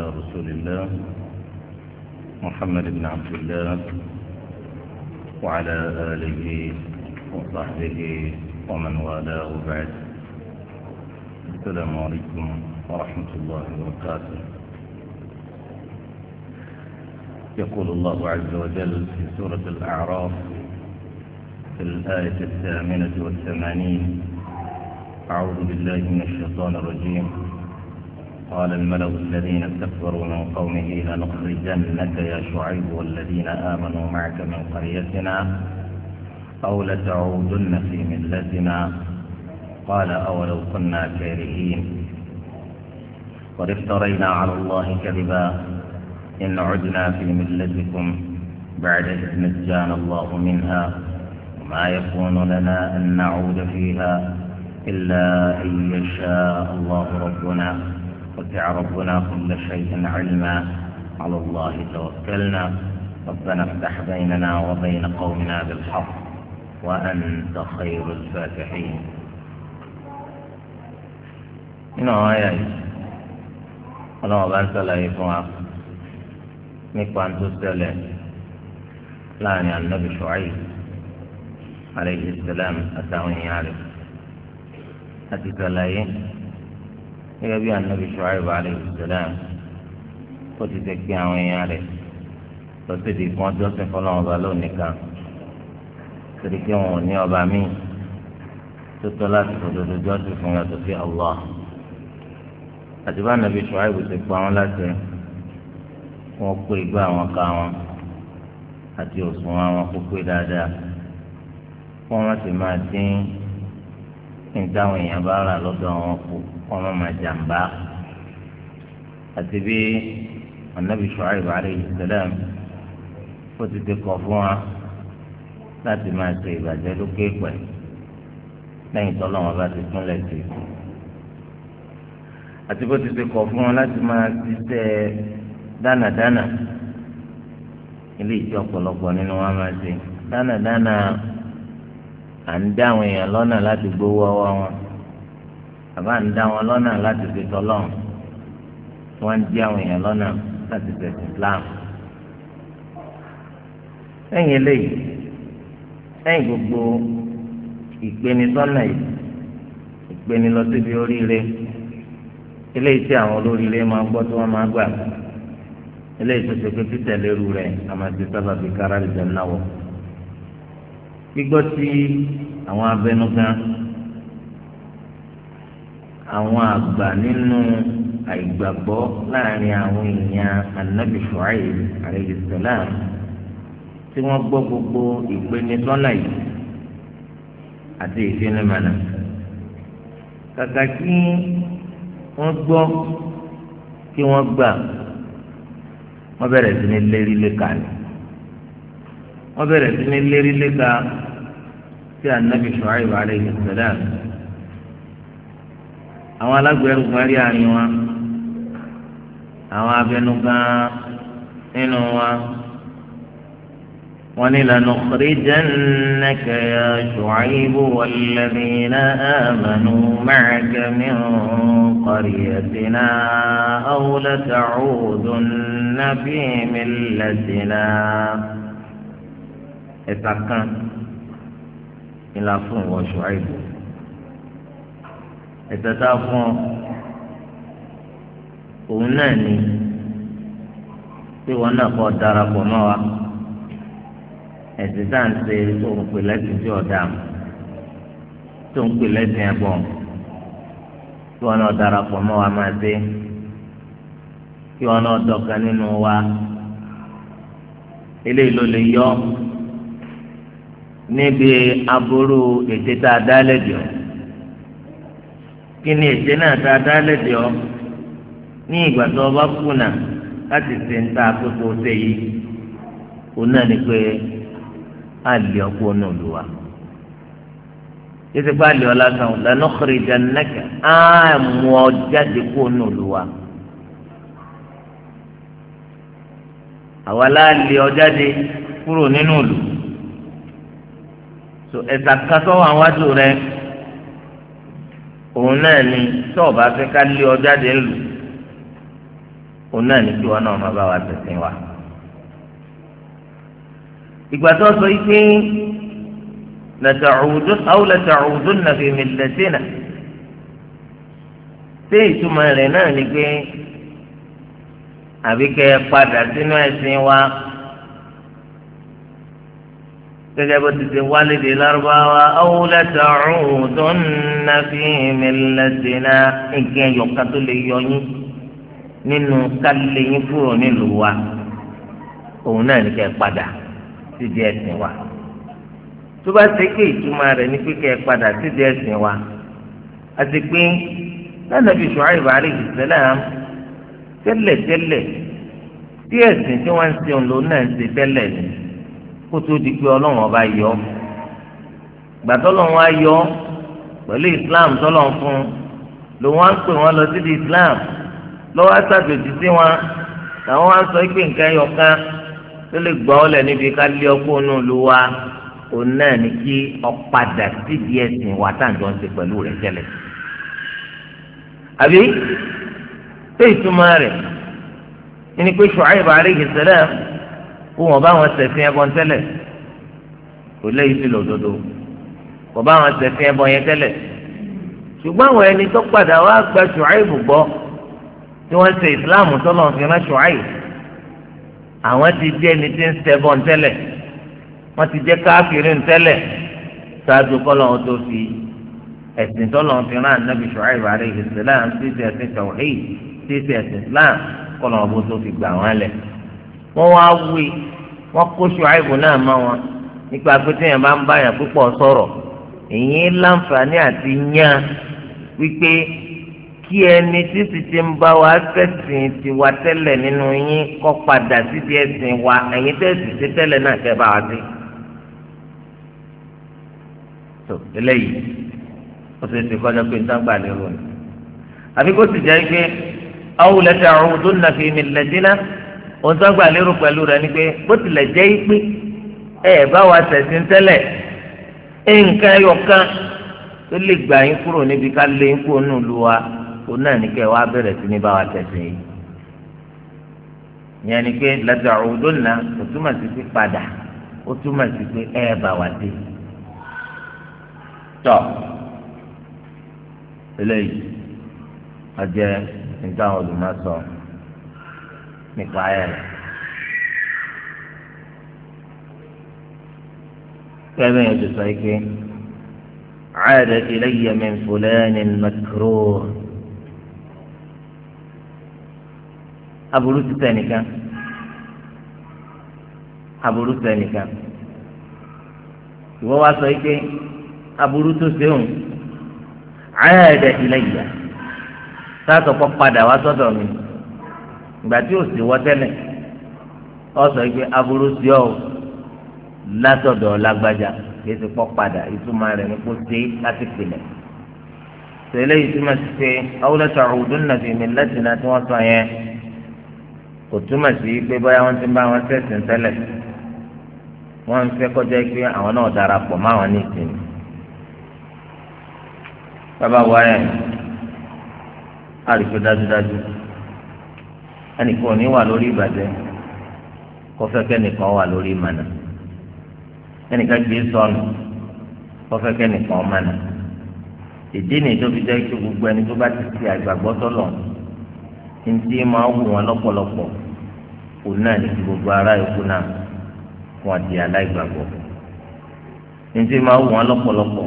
رسول الله محمد بن عبد الله وعلى آله وصحبه ومن والاه بعد السلام عليكم ورحمة الله وبركاته يقول الله عز وجل في سورة الأعراف في الآية الثامنة والثمانين أعوذ بالله من الشيطان الرجيم قال الملأ الذين استكبروا من قومه لنخرجنك يا شعيب والذين آمنوا معك من قريتنا أو لتعودن في ملتنا قال أولو كنا كارهين قد افترينا على الله كذبا إن عدنا في ملتكم بعد إذ نجانا الله منها وما يكون لنا أن نعود فيها إلا أن يشاء الله ربنا رفع ربنا كل شيء علما على الله توكلنا ربنا افتح بيننا وبين قومنا بالحق وأنت خير الفاتحين من آية ولو أنت لا يفعل نكو أن تسلم عن النبي شعيب عليه السلام أتاوني يعرف أتسلم gẹ́gẹ́ bí anabi Shu'aib alayhi salam ó ti ṣe pé àwọn èèyàn rẹ̀ lọ sí ibi kan jọ́sìn fọlọ́wọn ọba lónìí kan torí pé wọn ò ní ọba míì tó tọ́ láti fòdodo jọ́sìn fún yàtọ̀ sí Allah àti bá anabi Shu'aib ti pa wọn láti wọn pé igbá àwọn ká wọn àti òṣùwọ̀n àwọn kó pé dáadáa wọn láti máa dín ń dáhùn èèyàn bá rà lọ́dọ̀ wọn kú kọ́ má má jàǹbá àti bí anabi Shu'aib alayhi salam ó ti ti kọ̀ fún wa láti máa ṣe ìbàjẹ́ lókè pẹ̀ lẹ́yìn tó lọ́wọ́ bá ti túnlẹ̀ sí i àti bó ti ti kọ̀ fún wa láti máa ṣiṣẹ́ dánàdánà ilé ìjọ ọ̀pọ̀lọpọ̀ nínú wa máa ṣe dánàdánà. à ń dá àwọn èèyàn lọ́nà láti gbowó ọwọ́ wọn àbá ń dá wọn lọ́nà láti fi tọ́lọ́run tí wọ́n ń dí àwọn èèyàn lọ́nà láti tẹ̀sí Islam. lẹ́yìn eléyìí lẹ́yìn gbogbo ìpènisọ́nà yìí ìpèni ikpe oríire eléyìí tí àwọn olóríire máa gbọ́ tí wọ́n máa gbà eléyìí tó ṣe pé títẹ̀lé ru rẹ̀ àmọ́ ti lè jẹun gbígbọ́ tí àwọn abẹnugan àwọn àgbà nínú àìgbàgbọ́ láàrin àwọn èèyàn anabi shuaib alayhi salam tí wọ́n gbọ́ gbogbo ìpènisọ́nà yìí àti ìfinimànà kàkà kí wọ́n gbọ́ kí wọ́n gbà wọ́n bẹ̀rẹ̀ sí ní lérí léka ni wọ́n bẹ̀rẹ̀ sí ní lérí léka sí ànábì Ṣuaib alayhi salam àwọn alágbèrú kan rí àárín wa àwọn abẹnugan nínú wa wọn ni lanukhrijannaka ya Ṣuaib walladhina amanu ma'aka min qaryatina aw lata'udunna fi millatina ẹ̀sà kan. ńlá fún ìwọ ṣùáìbù ẹ̀tẹ̀ta fún òun náà ni pé wọn náà kọ́ darapọ̀ mọ́ wa ẹ̀sìn tá à ń ṣe òun pè lẹ́sìn tí ọ̀dà tó ń pè lẹ́sìn ẹ̀bọ̀n kí wọn náà darapọ̀ mọ́ wa máa dé kí wọn náà dọ̀kan nínú wa eléyìí ló lè yọ níbi aburú ètè tá a dá lẹ́bi ọ́ kí ni ètè náà tá a dá lẹ́bi ọ́ ní ìgbà tó o bá kùnà láti ṣe ń ta àkókò ṣe yìí òun náà ni pé a lè ọkọ náà lù wá títí bá lè ọ lẹ́nu xèrèjà nẹ́kẹ́ á mú ọ jáde kó náà lù wá. àwa láà lè ọ jáde kúrò nínú ìlú tó ẹ̀sà kan tó wà wájú rẹ òun náà ni tó o bá fẹ́ ká lé ọ jáde ńlù òun náà ni kí wọn náà má bá wa tẹ̀sìn wa. ìgbà tó sọ yìí pé lẹ́tàcúdún àwọn lẹ́tàcúdún náà fi mi lẹ́sìn náà ṣé ìtumọ̀ rẹ̀ náà ni pé àbíkẹ́ padà sínú ẹ̀sìn wa gẹ́gẹ́ bó ti ṣe wálé de lárúbáwá awúlẹ̀ tààrùn tó ń na fi mi lẹ́sìnà nǹkan ẹ̀yọ̀ká tó lè yọ yín nínú kálẹ̀ yín kúrò nílùú wa òun náà ní kẹ́ ẹ padà síbi ẹ̀sìn wa tó bá ṣe pé ìtumọ̀ rẹ̀ ní kíkẹ́ ẹ padà síbi ẹ̀sìn wa àti pé lánàbí Ṣuaib alayhi salam tẹ́lẹ̀tẹ́lẹ̀ tí ẹ̀sìn tí wọ́n ń ṣe òun lòun náà ń ṣe tẹ́lẹ̀ ni kó tó di pé ọlọ́run ọba yọ gbà tọ́lọ́run á yọ pẹ̀lú islam tọ́lọ́run fún lòun á ń pè wọ́n lọ sí di islam lọ́wọ́ àṣàjòjì sí wọn làwọn á sọ pé nǹkan ẹyọ kan tó lè gbọ́ ọ lẹ̀ níbi ká lé ọkọ́ inú lu wa òun náà ní kí ọ̀padà sídìí ẹ̀sìn wa táǹjọ́ ń ṣe pẹ̀lú rẹ̀ tẹ́lẹ̀ àbí pé ìtumọ̀ rẹ̀ ni pé Shu'aib alayhi salam kó wọn bá wọn ṣẹ̀sìn ẹbọn tẹ́lẹ̀ kò léyìí sí lòdodo kò bá wọn ṣẹ̀sìn ẹbọn yẹn tẹ́lẹ̀ ṣùgbọ́n àwọn ẹni tó padà wá gba ṣùáìbù gbọ́ tí wọ́n ṣe ìsìláàmù tó lọ́n fi rán ṣùáìbù àwọn ti di ẹni tí ń ṣẹbọn tẹ́lẹ̀ wọ́n ti jẹ́ káfírin tẹ́lẹ̀ ṣáájú kọ́lọ́ wọn tó fi ẹ̀sìn tó lọ́n fi rán ànábì ṣùáìbù àrẹ ìsìláàmù tí ti ẹ̀sìn tàwíì tí ti ẹ̀sìn ìsìláàmù kọ́lọ́ wọn bó tó fi gbà wọ́n lẹ̀ wọ́n wá wí wọ́n kó ṣùáìbù náà mọ́ wọn nípa pé téèyàn bá ń báyàn púpọ̀ sọ̀rọ̀ èyí láǹfààní àti yán wípé kí ẹni tí sì ti ń bá wa ṣẹ̀sìn tiwa tẹ́lẹ̀ nínú yín kọ́ padà sí ti ẹ̀sìn wa ẹ̀yin tẹ̀sìn sí tẹ́lẹ̀ náà kẹ́ bá wa sí. tó eléyìí ó sì ti kọjá pé nígbà gbà lérò ni àfi sì jẹ́ pé awùlẹ̀ tẹ̀ ọ̀hún tó nà fi mi lẹ́dínà ohun tó ń gbà lérò pẹ̀lú rẹ̀ ni pé bó tilẹ̀ jẹ́ ipe ẹ bá wa ṣẹ̀sìn tẹ́lẹ̀ nǹkan ẹyọkan tó lè gbà yín kúrò níbi ká lé yín kúrò nínú ìlú wa òun náà ní kẹ́ ẹ wá bẹ̀rẹ̀ sí ní bá wa ṣẹ̀sìn yìí ìyẹn ni pé lẹ́tọ̀ ọ̀dọ́nà kò túmọ̀ sí pé padà ó túmọ̀ sí pé ẹ bá wa dé tọ́ eléyìí a jẹ́ nígbà olùmọ̀ sọ̀rọ̀ nípa ayé rẹ̀. كما يجسيك عاد إلي من فلان مكروه aburú ti tẹnìkan aburú tẹnìkan ìwọ wa sọ pé aburú tó ṣeun عاد إلي sáà sọ pé padà wá sọ́dọ̀ mi ìgbà tí òsì wọ tẹ́lẹ̀ ọsọ yìí pé aburú sí ọ látọ̀dọ̀ lágbájá kìí ti pọ̀ padà ìtumọ̀ rẹ̀ ní kó dé láti pilẹ̀ tẹ́lẹ̀ ìtumọ̀ sí pé awúlẹ̀ tó àwùdún náà fi mi lẹ́sìn náà tí wọ́n sọ yẹn kò túmọ̀ sí pé báyà wọ́n ti bá wọn ṣẹ̀sìn tẹ́lẹ̀ wọ́n ń fẹ́ kọjá pé àwọn náà darapọ̀ máwọn ní ìsinmi bàbá wa yẹn àrífẹ́ dájúdájú ẹnìkan ò ní wà lórí ìbàjẹ́ kọfẹ́kẹ́ nìkan wà lórí ìmànà ẹnìkan gbé sọnù kọfẹ́kẹ́ nìkan mànà ìdí ni tó fi jẹ́ kí gbogbo ẹni tó bá ti ti àgbàgbọ́ sọ̀lọ̀ ntí máa wù wọn lọ́pọ̀lọpọ̀ òun náà ní gbogbo ara yòókù náà wọn di aláìgbàgbọ́ ntí máa wù wọn lọ́pọ̀lọpọ̀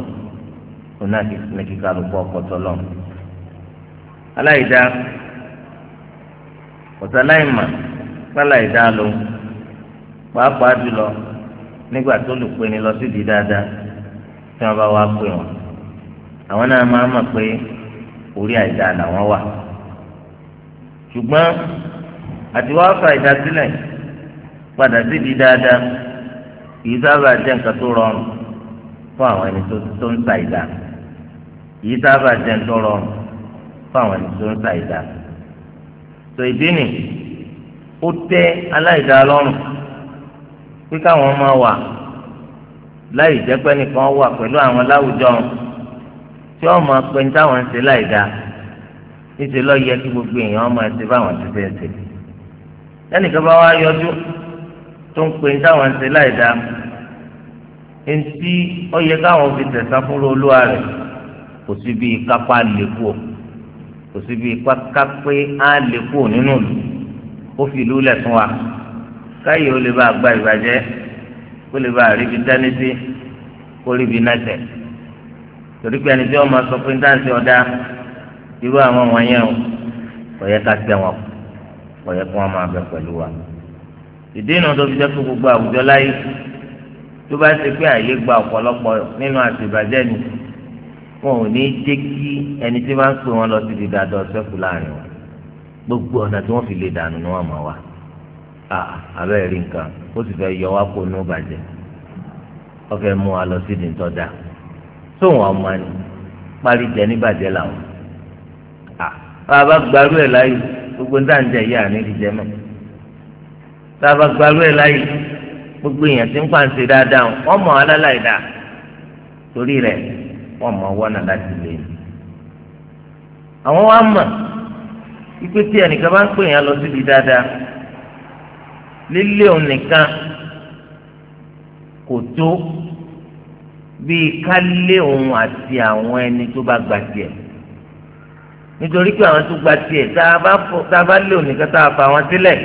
òun náà ní kíkà ọkọ̀ sọ̀lọ̀ aláìdá. ọ̀sáláìmà sáláì dá lò pàápàá jùlọ nígbà tó lù pé ni lọ sí di dáadáa tí wọn bá wá pè wọn àwọn náà máa mọ̀ pé orí àìdá làwọn wà ṣùgbọ́n fa padà sí di dáadáa kì sábà jẹ́ nǹkan tó rọrùn fún àwọn ẹni tó ń sa ìdá tó ìdí nì ó tẹ́ aláìdá lọ́rùn pé káwọn máa wà láì jẹ́ pé nìkan wà pẹ̀lú àwọn láwùjọ tí wọ́n máa pe ní táwọn ń ṣe láìdá níṣẹ́ lọ́ọ́ yẹ kí gbogbo èèyàn máa ṣe báwọn ti fẹ́ ṣe lẹ́nìkan bá wá yọjú tó ń pe ní táwọn ń ṣe láìdá ntí ó yẹ káwọn fi tẹ̀sán fún olúwa rẹ̀ kò sí bíi kápá lè kú o kò sí bí káká pé á lè kú nínú ìlú ó fi ìlú lẹ̀ fún wa káyọ̀ ó lè bá gba ìbàjẹ́ kó lè bá ríbi dání sí kó ríbi nẹ́sẹ̀ torí pé ẹni tí wọ́n máa sọ pé dáǹsì ọ̀dà irú àwọn wọ̀nyẹn o kò yẹ ká tẹ wọn kò yẹ kó wọn máa bẹ pẹ̀lú wa ìdí ìnà tó fi jẹ́ kó gbogbo àwùjọ láyé tó bá ṣe pé àyè gba ọ̀pọ̀lọpọ̀ nínú àtìbàjẹ́ nìyí wọn ò ní jẹ́ kí ẹni tí wọ́n á sọ wọn lọ sí di dáadáa ọ̀sẹ́kù láàrin wọn gbogbo ọ̀nà tí wọ́n fi lè dànù ni wọ́n mọ̀ wá àbẹ́ rí nǹkan ó sì fẹ́ yọ wá kó inú bàjẹ́ wọ́n fẹ́ mú wa lọ sí di ntọ́jà tó wọn ọmọ ni parí jẹ ní bàjẹ́ làwọn bàbá gbarú ẹ̀ láyé gbogbo níta ń jẹ yé àní ti jẹ mọ́ bàbá gbarú ẹ̀ láyé gbogbo èèyàn ti ń pàǹsẹ̀ dáadáa wọ́n mọ̀ alálàyé dáa torí rẹ̀ wọn mọ wọnà láti lè ní. àwọn wa mọ̀ ipe tí ẹnìkan bá ń pè yẹn lọ síbi dáadáa lílé òun nìkan kò tó bíi ká lé òun àti àwọn ẹni tó bá gba tiẹ̀ nítorí pé àwọn tó gba tiẹ̀ tá a bá lé òun nìkan tá a fa àwọn sílẹ̀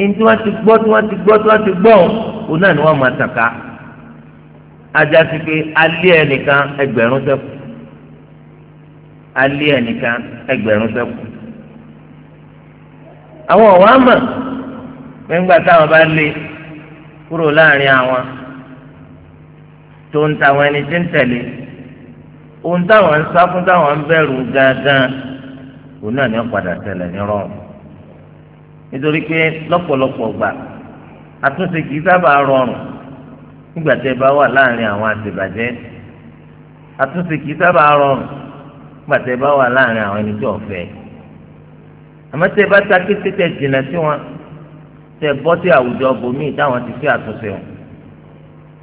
ẹni tí wọ́n ti gbọ́ tí wọ́n ti gbọ́ tí wọ́n ti gbọ́ òun náà ni wọ́n máa tàn ká ajá sí pé alẹ́ ẹnìkan ẹgbẹ̀rún sẹ́kù alẹ́ ẹnìkan ẹgbẹ̀rún sẹ́kù. àwọn ọ̀wá mọ̀ nígbà táwọn bá lé kúrò láàrin àwọn tó ń ta àwọn ẹni tí ń tẹ̀lé ohun táwọn ń sá fún táwọn ń bẹ̀rù gángan òun náà ní ọ̀padà tẹ̀lẹ̀ ní nítorí pé lọ́pọ̀lọpọ̀ gbà àtúnṣe kì í sábà rọrùn nígbà tẹ́ bá wà láàrin àwọn àtìbàjẹ́ àtúnṣe kìí sábà rọrùn nígbà tẹ́ bá wà láàrin àwọn ẹni tí ò fẹ́ àmọ́ tẹ́ bá ta kété tẹ́ jìnnà sí wọn tẹ́ bọ́ sí àwùjọ bòmíì táwọn ti fi àtúnṣe wọn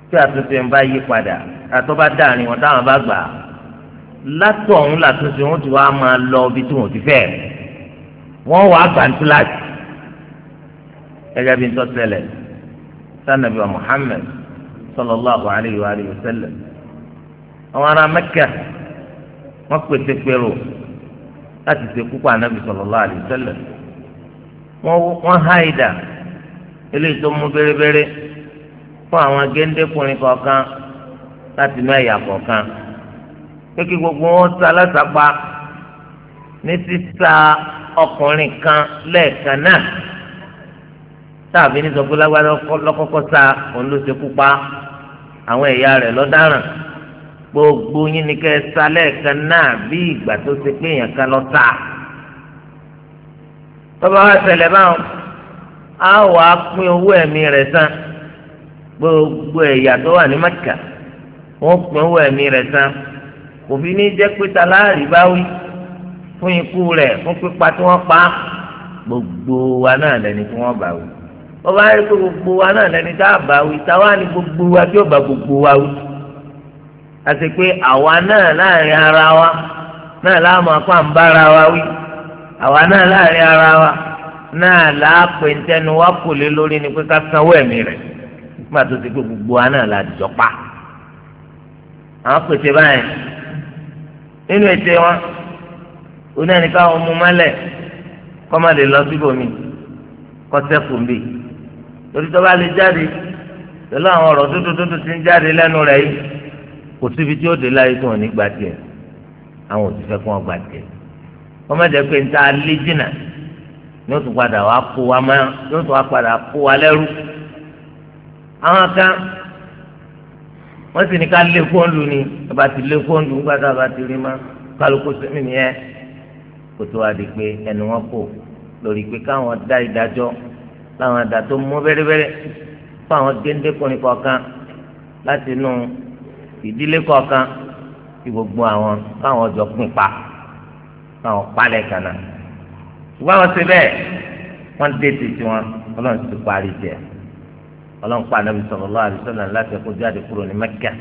tí àtúnṣe ń bá yí padà àtọ́ bá dàrin wọn táwọn bá gbà á látọ̀ ọ̀hún làtúnṣe wọn ti wá máa lọ ibi tí wọn ti fẹ́ wọn wàá gbàǹtúláàtì gẹ́gẹ́ bí n tọ́ ṣẹlẹ̀ sanabi wa Muhammad صلى الله عليه وآله وسلم. sallam àwọn ará mẹ́kà wọ́n pètè pèrò láti ṣe kúkú ànábì sallallahu alayhi wa sallam wọ́n há ìdá eléyìí tó mú bérebére fún àwọn géńdékùnrin kọ̀ọ̀kan láti inú ẹ̀yà kọ̀ọ̀kan pé kí gbogbo wọn sá lásàpá ní sísá ọkùnrin kan lẹ́ẹ̀kan náà tàbí ní sọ lágbára lọ́kọ́kọ́ sá òun ló ṣekú pa àwọn ẹ̀yà rẹ̀ lọ́daràn gbogbo yín ni kẹ́ ẹ sá lẹ́ẹ̀kan náà bí ìgbà tó ṣe pé èèyàn kan lọ tà tọ́ba wa ṣẹlẹ̀ báwọn á wà á pín owó ẹ̀mí rẹ̀ san gbogbo ẹ̀yà tó wà ní Mẹ́kà wọ́n pín owó ẹ̀mí rẹ̀ san kò fi ní jẹ́ pé ta bá wí fún ikú rẹ̀ fún pípa tí wọ́n pa gbogbo wa náà lẹ́ni tí wọ́n bá wí wọ́n bá rí pé gbogbo wa náà lẹ́ni tá a bá wí táwa ni gbogbo wa tí ó bá gbogbo wa wí àti pé àwa náà láàrin ara wa náà láàmú apá ń bára wa wí àwa náà láàrin ara wa náà láàpè ntẹnu wa kò lé lórí ni pé ká sanwó ẹ̀mí rẹ̀ nígbà tó ti pé gbogbo wa náà la jọ pa àwọn pèsè báyìí nínú ète wọn oní ẹnìkan ọmọ mọ́lẹ̀ kọ́ má lè lọ síbòmí kọ́ sẹ́kù ń torí tó bá lè jáde pẹ̀lú àwọn ọ̀rọ̀ tótótótó ti ń jáde lẹ́nu rẹ̀ yìí kò síbi tí ó dé láyé tó wọn ní gba tiẹ̀ àwọn òṣìṣẹ́ kó wọn gba tiẹ̀ wọ́n má jẹ́ pé ń ta lé jìnnà ní oṣù padà wá kó wa má ní oṣù padà kó wa lẹ́rú àwọn kan wọ́n sì ní ká lé fóònù ni bàbá ti lé fóònù nígbà tá a bá rí má kálukú sẹ́mi nìyẹn kò tó wá di pé ẹnu wọn kò lórí pé káwọn dá ìdájọ́ láwọn àdá tó mú bẹ́rẹ́bẹ́rẹ́ fún àwọn géńdékùnrin kọ̀ọ̀kan láti inú ìdílé kọ̀ọ̀kan kí gbogbo àwọn káwọn ọjọ́ pín pa káwọn palẹ̀ kànáà ṣùgbọ́n àwọn ṣe bẹ́ẹ̀ wọ́n dé títí wọn ọlọ́run ti parí jẹ ọlọ́run pa anabi sallallahu alaihi wasallam láti ẹ̀kọ́ jáde kúrò ní Mẹ́kà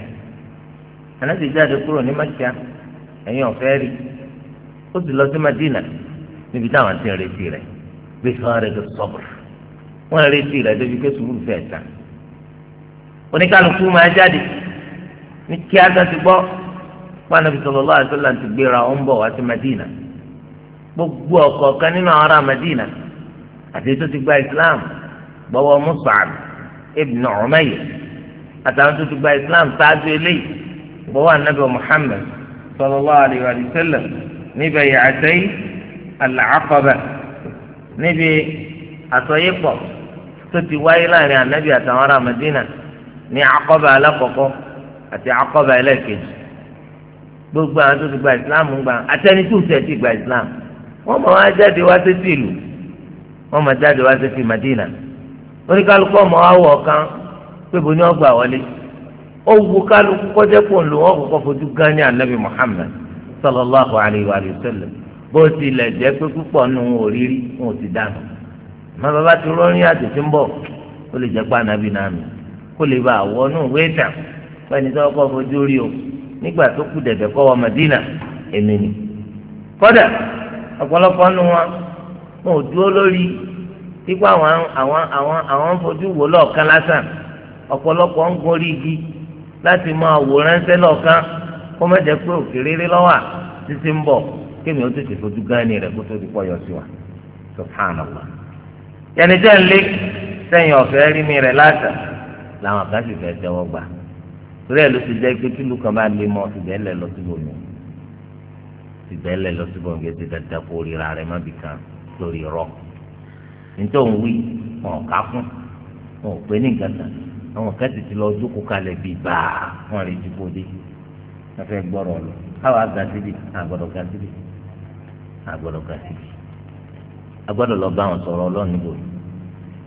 anabi jáde kúrò ní Mẹ́kà ẹ̀yin ọ̀fẹ́ rí ó sì lọ sí Madina níbi táwọn ti ń retí rẹ̀ bí sọ́ọ́ rẹ̀ tó sọ́bùrù wọ́n retí rẹ̀ débi pé sùúrù fẹ́ tán oníkàlùkù máa jáde ní kíá tó ti gbọ́ pàànàbí sallallahu alaihi wasallam ti gbéra ó ń bọ̀ wá sí Madina gbogbo ọ̀kọ̀ọ̀kan nínú àwọn ará Madina àti tó ti gba Islam gbọ́wọ́ Mus'ab ibn Umayr àtàwọn tó ti gba Islam sáájú eléyìí gbọ́wọ́ anabi Muhammad sallallahu alaihi wasallam níbẹ̀ yàtẹ́yì al-Aqaba níbi àsọyépọ̀ tó ti wáyé láàrin anabi àtàwọn ará Madina ní akọba alákọ̀ọ́kọ́ àti akọba ẹlẹ́ẹ̀kejì gbogbo àwọn tó ti gba islam gba atẹni tó ti ẹtì gba islam wọn mọ wọn jáde wá sí tìlú wọn mọ jáde wá sí ti Madina oníkálukú ọmọ awọ kan pébo ni wọn gbà wọlé ó wu kálukú kọjá pò ń lò wọn kọ́kọ́ fojú gan ní anabi Muhammad sallallahu alayhi wa sallam bó tilẹ̀ jẹ́ pé púpọ̀ nù orírí wọn ti dànù. ma baba ti rọrin àti ti ń lè jẹ pàánà bí náà mi kó lè náà tó fojú rí o nígbà tó kù Madina èmi ni. kọ́dà ọ̀pọ̀lọpọ̀ nu wọn wọn ò dúró lórí àwọn àwọn àwọn àwọn fojú wò lọ́ọ̀kan lásán ọ̀pọ̀lọpọ̀ ń gorí igi láti máa wò ránṣẹ́ lọ́ọ̀kan kó ó yẹnni tẹ́ ń lé sẹ́yìn ọ̀fẹ́ rí mi rẹ̀ láṣà làwọn kan sì fẹ́ tẹ́wọ́ gbà torí ẹ̀ ló ti jẹ́ pé tìlú kan bá lé mọ́ ti bẹ́ẹ̀ lẹ̀ lọ síbò mi ti bẹ́ẹ̀ lẹ̀ lọ síbò mi ti dandan kó ríra rẹ̀ má bì kan lórí rọ nítorí wí wọn ò fún wọn pé ní nǹkan àwọn kan ti ti lọ jókòó kalẹ̀ bíi báà wọn rí dìbò dé wọn fẹ́ gbọ́rọ̀ lọ káwọn àgàtìbì àgbọ̀dọ̀ gàtìbì àgbọ̀dọ̀ gàtìbì. a gbọ́dọ̀ lọ bá wọn sọ̀rọ̀ ọlọ́run níbo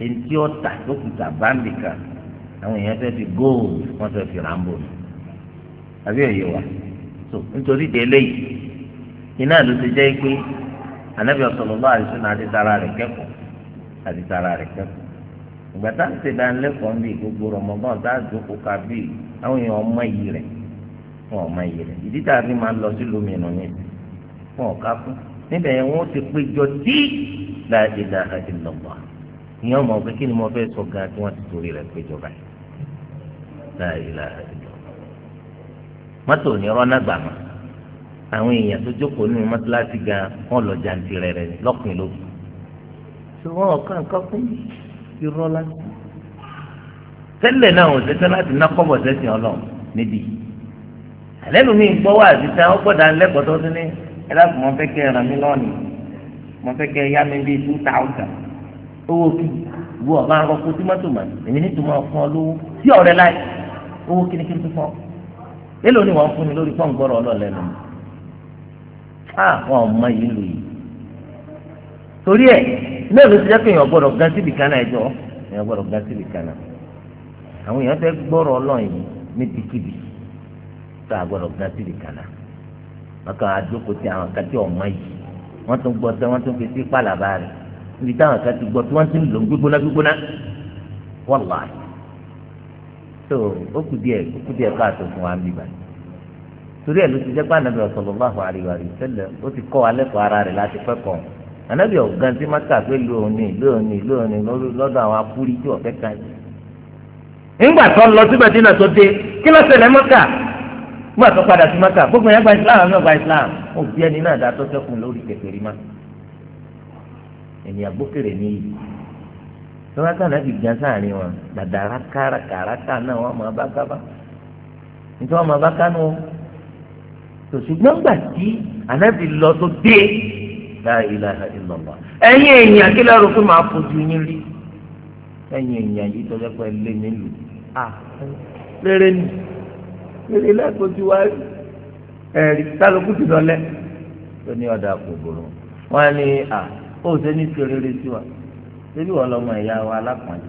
eŋti ọ̀tà àwọn èèyàn fi góòlù wọ́n fẹ́ fi ràǹbò àbí wa so nítorí di eléyìí iná ló ti jẹ́ pé anabi sallallahu alaihi wasallam àti tara kẹ́kọ̀ọ́ àti tara kẹ́kọ̀ọ́ a gbogbo rọmọgbọ́n tá a jókòó ka bí àwọn èèyàn ọmọ yìí rẹ̀ wọn ọmọ yìí rẹ̀ ìdí tàbí máa lọ sílùú mìíràn ní ìsìn níbẹ̀ yẹn wọ́n ti péjọ tí la ilaha illallah ìyẹn ọmọ pé kí ni mo fẹ́ sọ gan tí wọ́n ti torí rẹ̀ péjọ báyìí la ilaha illallah mọ́tò ní rọ́nà gbàmà àwọn èèyàn tó jókòó nínú mọ́tíláṣí gan wọ́n lọ jàǹtì rẹ̀ rẹ̀ lọ́kùnrin lóbi ṣùgbọ́n ọ̀kan kan fún irọ́ láti tẹ́lẹ̀ náà ò ṣẹ́ṣẹ́ láti ná kọ́bọ̀ sẹ́sìn ọlọ́run níbí àlẹ́ nu mi gbọ́ wá àti sẹ́ ọgbọ́dà ẹ dákun mo fẹ́ kẹ́ ẹ ràn mí lọ́ọ̀nì mo fẹ́ kẹ́ ẹ yá mi bíi two thousand owó kí ìwọ ọba ń rọpò tomato mà èmi ní tòmọ fún ọ lówó sí ọ̀rẹ́ láì owó kínníkínní tó fọ èló ni wọ́n fún mi lórí pọ́ǹgbọ́rọ̀ ọlọ́ọ̀lẹ́nu àwọn ọmọ yìí lù yìí torí ẹ náà ló ti jẹ́ pé èèyàn gbọ́dọ̀ gan síbi kan náà ẹjọ́ èèyàn gbọ́dọ̀ gan síbi kan náà àwọn èèyàn fẹ́ gbọ́rọ̀ ọlọ́run níbikíbi tá a gbọ́dọ̀ gan síbi kan náà wọn kàn àjókòó ti àwọn kan tí ọmọ yìí wọn tún gbọ́ tẹ wọn tún fi sí pàlàbà rẹ níbi táwọn kan ti gbọ́ tí wọn ti ń lò ń gbígbóná gbígbóná wọlá tó ó kù díẹ̀ ó kù díẹ̀ káàtó fún wa níbà torí ẹ̀ ló ti jẹ́ pé ànábì sallallahu alaihi wa sallam ó ti kọ́ alẹ́ kọ́ ara rẹ̀ láti fẹ́ kọ́ ànábì ọ̀gán tí máka pé lóòní lóòní lóòní lọ́dọ̀ àwọn akúrí tí ọ̀fẹ́ kan yìí. nígbà tó lọ sí Mẹ́dínà tó dé kí ló ṣẹlẹ̀ máka gbọ́dọ̀ tó padà sí maka gbogbo yẹn gba islam àmì ọgbà islam ó bí ẹni náà dá tó sẹ́kùn lórí kẹfẹ́rí ma ènìyàn gbókèrè níyì lọ́wọ́ káàdà ti gbìyàn sáàrin wọn dàdà rákàràkàràkà náà wọn máa bá kábà nítorí wọn máa bá kánú tó ṣùgbọ́n gbà tí ànábì lọ tó dé la ilaha illallah ẹ̀yin èèyàn kí lẹ́rù fún màá fojú yín rí ẹ̀yin èèyàn yìí tọ́jú pé lé nílùú ilé lẹ́kọ̀ọ́ ti wá ẹ̀rí kálukú ti lọlẹ́ tó ní ọ̀dà kòkòrò wọn ni à ó ṣe ní serere sí wa ṣébí wọn lọmọ ẹ̀yà wa alápọ̀nlé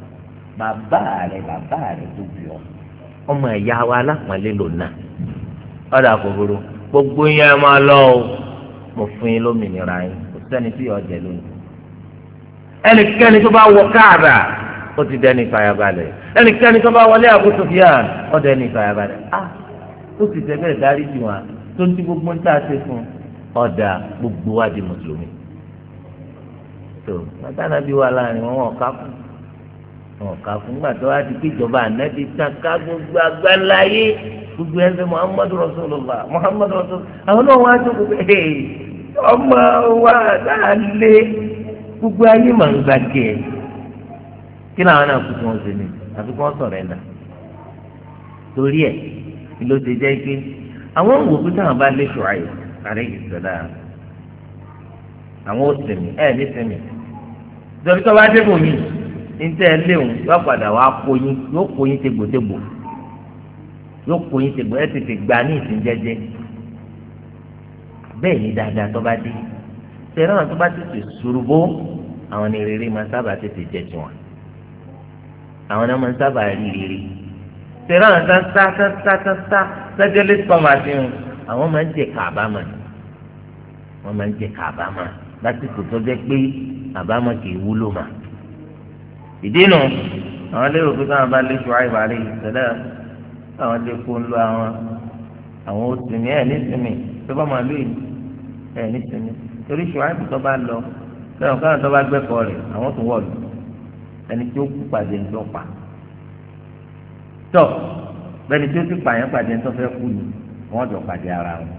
bàbá rẹ bàbá rẹ tó bì ọ́ ọmọ ẹ̀yà wa alápọ̀nlé lò náà ọ̀dà kòkòrò gbogbo yẹn máa lọ o mo fún yín lómìnira yín kò sẹ́ni tí yọ̀ jẹ lónìí ẹnikẹ́ni tó bá wọ káàbà ó ti dẹ́ni fàyàbalẹ̀ ẹnikẹ́ni tó bá wọlé Abu Sufyan ó dẹ́ni fàyàbalẹ̀ ah ó sì fẹ́ bẹ́ẹ̀ dárí jù wọn tó ń ti gbogbo ń tà ṣe fún ọ̀dà gbogbo wa di mùsùlùmí. tó mọ́tàlá bí wà láàrin wọn wọn ká kú wọn ká kú nígbà tó wá di kíjọba ànábi tán ká gbogbo agbáláyé gbogbo ẹ̀ ń sẹ́ muhammadu rasulullah muhammadu Rasul, àwọn náà wọ́n á tó gbogbo ẹ̀ ọmọ wa náà lé gbogbo ayé mà ń gba tiẹ̀ kí làwọn náà kú tí wọ́n ṣe ni àfi kí wọ́n sọ̀rọ̀ torí ẹ̀ ló ti jẹ́ pé àwọn òwò pé táwọn bá lé ṣùáyè àrẹ ìṣẹ̀dá àwọn òsèmí ẹ̀ ní sèmí ìjọba tó bá débò mí níta ẹ léwu yóò padà wá kóyin yóò kóyin tegbòtegbò yóò kóyin tegbò ẹ tètè gbà ní ìsìn jẹ́jẹ́ bẹ́ẹ̀ ni dáadáa tó bá dé tẹ̀lé àwọn tó bá tètè ṣùrùbó àwọn ni rere máa sábà tètè jẹ tiwọn àwọn náà máa sábà rí rere tẹ̀rẹ́ àwọn tán sá tán sá tán sá lẹ́jọ́lẹ́ sọ́mà sí wọn àwọn máa ń jẹ kàbámà wọ́n máa ń jẹ kàbámà lásìkò tó jẹ́ pé àbámà kì í wúlò mà. ìdí nu àwọn lérò pé káwọn bá lé ṣùgbọ́n àìbá lè sẹ́lẹ̀ àwọn lè kó ń lo àwọn àwọn oṣù ní ẹ̀ nísìnyí tó bá máa lóyún ẹ̀ nísìnyí torí ṣùgbọ́n àìbá tó bá lọ sẹ́wọ̀n káwọn tó bá gbẹ́kọ̀ọ́ rẹ̀ àwọn tó wọ̀ lù ẹni tí kú pàdé ń tó tọ́ bẹ́ẹ̀ni tí ó ti pààyàn pàdé tó fẹ́ kú ni wọ́n jọ pàdé ara wọn.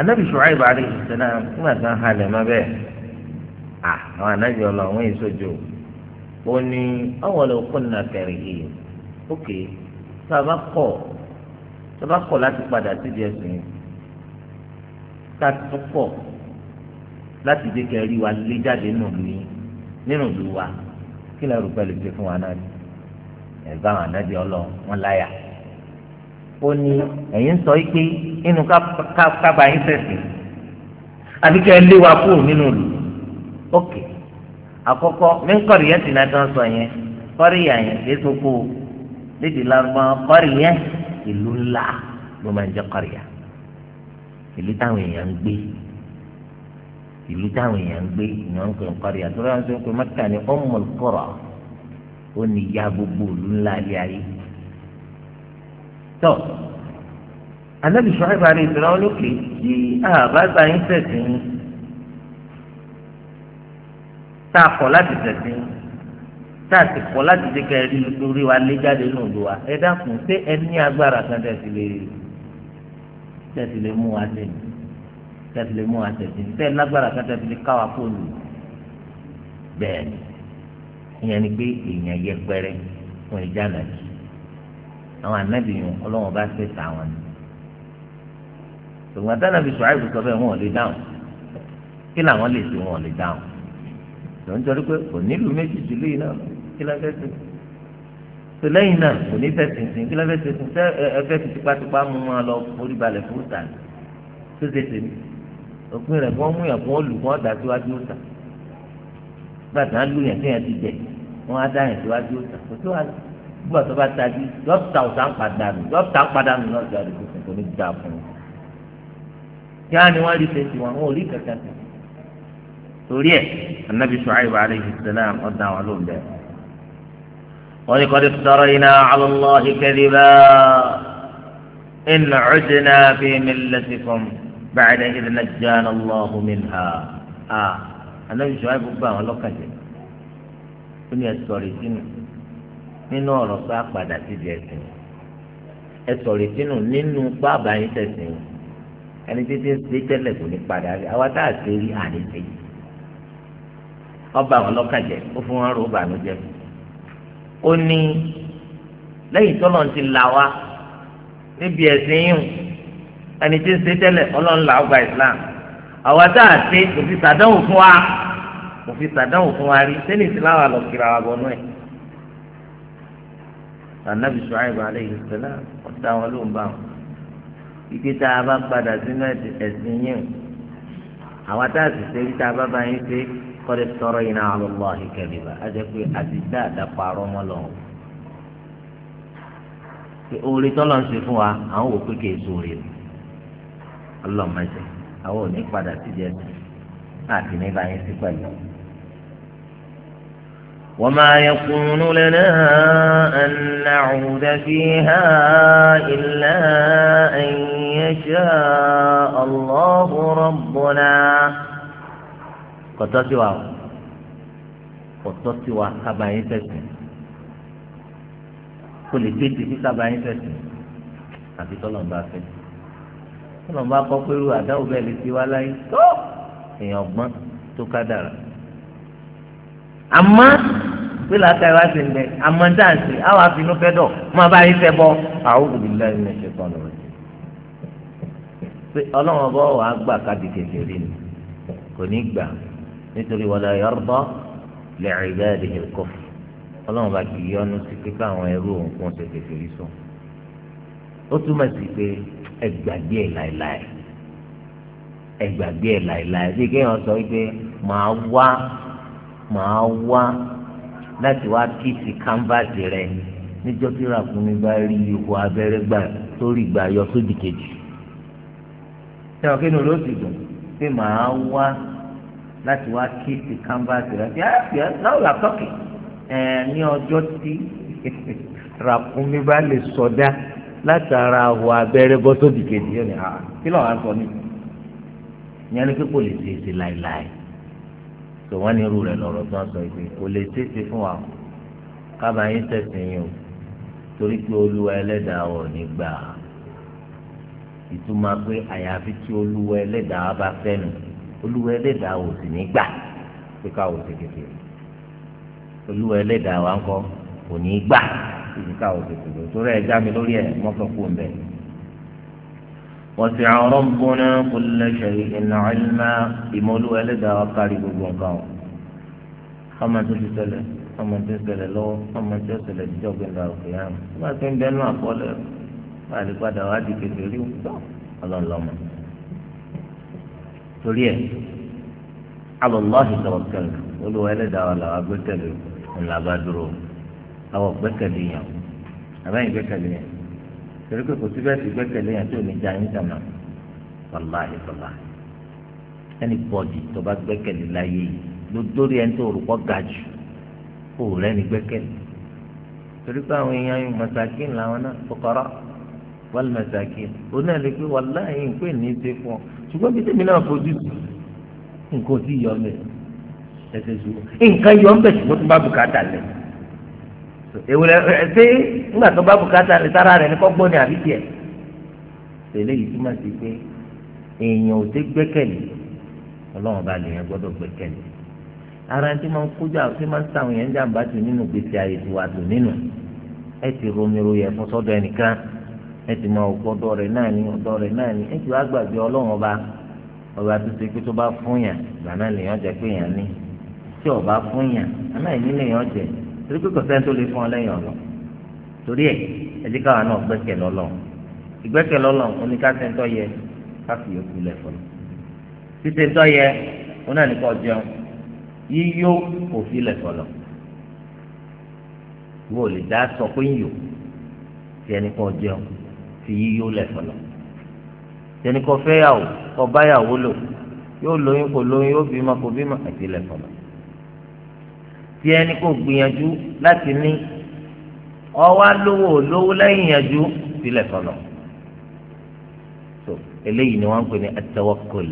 anabi Shu'aib alayhi salam nígbà tí wọ́n halẹ̀ mọ́ bẹ́ẹ̀ à àwọn anabi ọlọ àwọn èso jò ó ní ọwọ́ lè kó nà kẹrì yìí ókè tó a bá kọ̀ tó a bá kọ̀ láti padà síbi ẹ̀sìn tá a tó kọ̀ láti dé kẹrì wa lé jáde nù ní nínú ìlú wa kí lè rò pẹ̀lú ìgbé fún wa náà ni ẹ̀gbọ́n àwọn anábì ọlọ wọn láyà ó ní ẹ̀yin sọ pé inú kábà yín sẹ̀sìn àbí kẹ́ ẹ lé wa kúrò nínú ìlú òkè àkọ́kọ́ mínkọ̀rì yẹn ti náà tán sọ yẹn kọ́rì yà yẹn kì í tó kó lédè lárúbá kọ́rì yẹn ìlú ńlá ló máa ń jẹ́ kọ́rì yà ìlú táwọn èèyàn ń gbé ìlú táwọn èèyàn ń gbé ìyàn ń pè ń kọ́rì yà ń pè mọ́tà ní ummul ó ní ìyá gbogbo òlu ńlá ilé ayé tọ anabi shuaib àrí ìtura olókè tí àbáta yín sẹ̀sìn yín tá a kọ̀ láti sẹ̀sìn yín tá a sì kọ̀ láti dé kẹrin lórí wa lé jáde nù lù wa ẹ dákun ṣé ẹ ní agbára kan tẹ̀sí lè tẹ̀sí lè mú wa sẹ́yìn tẹ̀sí lè mú wa sẹ̀sìn tẹ̀ lágbára kan tẹ̀sí lè káwa fóònù bẹ́ẹ̀ ìyẹn ni pé èèyàn yẹpẹrẹ fún ìjà nàbì àwọn ànábì yìí ọlọ́wọ́n bá ṣe tà wọn ni ṣùgbọ́n àtànàbì sọ̀rọ̀ sọ bẹ́ẹ̀ wọn ò lè dáhùn kí làwọn lè ṣe wọn ò lè dáhùn tó ń torí pé kò nílùú méjì jùlọ yìí náà kí ló fẹ́ ṣe tó lẹ́yìn náà kò ní fẹ́ tuntun kí ló fẹ́ ṣe tuntun ẹgbẹ́ ti tipátipá mú wọn lọ orí balẹ̀ fún ìtàn tó ṣe tèmi òpin rẹ̀ kí wọ́n mú yàn kí wọ́n síwájú ìtàn gbàdán lù wọn á dá yẹn síwájú ọ̀tà kò tó wà gbọ́dọ̀ tó bá tajú dọ́kítà ọ̀tà ń padà nù dọ́kítà ń padà nù náà ju àdìgbò fún kò ní gbà fún un. kí á ní rí fèsì wọn ò rí kankan torí ẹ̀ anabi Shu'aib alayhi salam ọ̀dà wọn ló ń bẹ̀. wọ́n ní kọ́ni sọ̀rọ̀ iná alọ́láhi kẹ́líbà إن عدنا في ملتكم بعد إذ نجانا الله منها آه النبي شعيب بقى لو كذب ó ní ẹsọ rìtínù nínú ọ̀rọ̀ pé àpàdà ti di ẹ̀sìn ẹsọ rìtínù nínú bàbá yín tẹ̀sìn ẹni títí ṣe tẹ́lẹ̀ kò ní padà rí àwa tá a ṣe rí àní ṣe ọba àwọn ọlọ́kàjẹ ó fún wọn rò ó bànújẹ́ ó ní lẹ́yìn tọ́lọ̀ ti là wá níbi ẹ̀sìn yìí ẹni tí ń ṣe tẹ́lẹ̀ ọlọ́run là ó gba ìsìlámù àwa tá a ṣe kò ti ṣàdánwò fún wa kò fi sàdáwò fún wa rí sẹ́ni ìsìláwà lọ kiri àwọn abọ́nú ẹ̀. Ànábì Ṣuaibu alayhi salam ọ̀tá wọn ló ń bá wọn. Ike tá a bá padà sínú ẹ̀sìn yín o. Àwọn àtàkì ṣe ibi tá a bá bá yín ṣe kọ́lé sọ̀rọ̀ yìí náà lọ́wọ́ àkẹ́kẹ́ bá. A jẹ́ pé a ti dá àdàpọ̀ àrọ́ mọ́ lọ. Oore tọ́lọ̀ ń ṣe fún wa, àwọn wò pé sóore o. Ọlọ́mọdé, àwọn ò ní padà síbi ẹ̀sìn. Àti ní bá sí pẹ̀lú. وما يكون لنا أن نعود فيها إلا أن يشاء الله ربنا قطتوا قطتوا كبعين تسن كل بيت في كبعين تسن àti tọ́lọ̀n bá fẹ́ tọ́lọ̀n bá kọ́ pé irú àdáwò bẹ́ẹ̀ lè ti wá láyé tó àmọ́ pé làákà ìwà ṣe ń bẹ àmọ́ ń dáǹsì àwọn àfinú fẹ́ dọ̀ máa bá yín fẹ́ bọ́ àwọn òbílẹ̀ ẹ̀ ń ṣe kọ́nù rẹ̀. pé ọlọ́run ọba wàá gbà káàdì kẹsẹ̀ rí ni kò ní gbà nítorí wala yarda li ibadihi al-kufr ọlọ́run bá kì í yọnu sí pé káwọn ẹrú òun kún ṣe kẹsẹ̀ rí ó túmọ̀ sí pé ẹgbàgbé láìláì ẹgbàgbé láìláì bí kéèyàn sọ màá wá láti wá kíìsì kánfàsì rẹ níjọ́ tí ràkúnmí bá rí ihò abẹ́rẹ́ gbà sórí ìgbà yọ sódì kejì ṣé wọn kí ni olóò ti dùn pé màá wá láti wá kíìsì kánfàsì rẹ bí i now we are talking ẹ ní ọjọ́ tí ràkúnmí bá lè sọdá látara ahò abẹ́rẹ́ bọ́ sódì kejì yẹn ni ah, kí lọ́wọ́ á sọ ní ìyẹn ni pé lè ṣe é ṣe láéláé tó wọ́n ní irú rẹ̀ lọ́rọ̀ tó ń sọ pé kò lè tètè fún wa kábà yín tẹ̀sìn yín o torí pé olúwa ẹlẹ́dàá ò ní gbà á ìtumọ̀ pé àyàfi tí olúwa ẹlẹ́dàá bá fẹ́ nu olúwa ẹlẹ́dàá ò sì ní gbà pé ká ò olúwa ẹlẹ́dàá wa ń kọ́ kò ní gbà pé ká ò sì torí ẹ̀ mi lórí ẹ̀ mọ́tò kú ń bẹ̀rẹ̀ wasi'a rabbuna kulla shay'in 'ilma ìmọ̀lú ẹlẹ́dàá wa kárí gbogbo nǹkan o ọmọ tó ti ṣẹlẹ̀ ọmọ tó ti ṣẹlẹ̀ lọ́wọ́ ọmọ tó ti ṣẹlẹ̀ jíjọ́ gbẹ̀ngà òkè yàrá nígbà tó ń bẹnu àkọọ́lẹ̀ àlùpadà wa di kékeré ọlọ́ọ̀lọ́mọ torí ẹ̀ alọ́láhi tọ̀wọ̀kẹ́lẹ̀ olùwà ẹlẹ́dàá wa torí pé kò sí bẹ́ẹ̀ sì gbẹ́kẹ̀lé yẹn tí ò ní já yín jàmà wàláhì wàláhì ẹni bọ́ọ̀dì tó bá gbẹ́kẹ̀lé láyé yìí ló dórí ẹni tó rúkọ́ ga jù kó o rẹ́ni gbẹ́kẹ̀lé torí pé àwọn èèyàn masakin làwọn náà fọkọrọ wàlú masakin òun náà lè pé wàláhì ń pè ní ṣe fún ọ ṣùgbọ́n bí tèmi náà fojú sí nǹkan ò tí ì yọ ọ mẹ ẹsẹ ṣùgbọ́n nǹkan yọ ọ ewúrẹ́ ṣé nígbà tó bá bùkátà lè sára rẹ̀ ní kọ́gbọ́n ní àbí tiẹ̀ tẹ̀lé yìí túmọ̀ sí pé èèyàn ò dé gbẹ́kẹ̀lé ọlọ́run bá lè yẹn gbọ́dọ̀ gbẹ́kẹ̀lé ara tí máa ń kójà tí máa ń sàwọn yẹn ń jàǹbá tù nínú gbèsè ààyè tù wà tù nínú ẹ ti romiro yẹ fún sọ́dọ̀ ẹnìkan ẹ ti máa gbọ́dọ̀ rẹ̀ náà ní ọ̀dọ̀ rẹ̀ náà ní ẹ ti wá gbàgbé ọlọ́run ọba ọba tó ṣe pé tó bá fún yàn gbà náà lèèyàn jẹ pé yàn ní tí ọba fún yàn aláìní lèèyàn jẹ torí pé kọ̀sẹ́ tó lè fún ọ lẹ́yìn ọ̀nà torí ẹ̀ ẹ̀dí káwa náà gbẹ́kẹ̀ lọ́lọ́run ìgbẹ́kẹ̀ lọ́lọ́run oníkàsẹ́ tó yẹ káfí yòókù lẹ̀ fọlọ́ títẹ tó yẹ wọn náà nìkan jẹun yíyó òfin lẹ̀ fọlọ́ wọ́n ò lè dá sọ pé ń yò tí ẹnìkan jẹun fi yíyó lẹ̀ fọlọ́ tẹnìkan fẹ́yàwó kọ báyàwó lò yóò lóyún kò lóyún yóò bímọ kò bímọ tí ẹni kò gbìyànjú láti ní ọwọ́ lówó lówó lẹ́yìn yànjú sílẹ̀ sọ̀nà so eléyìí ni wọ́n ń pè ní at-tawakkul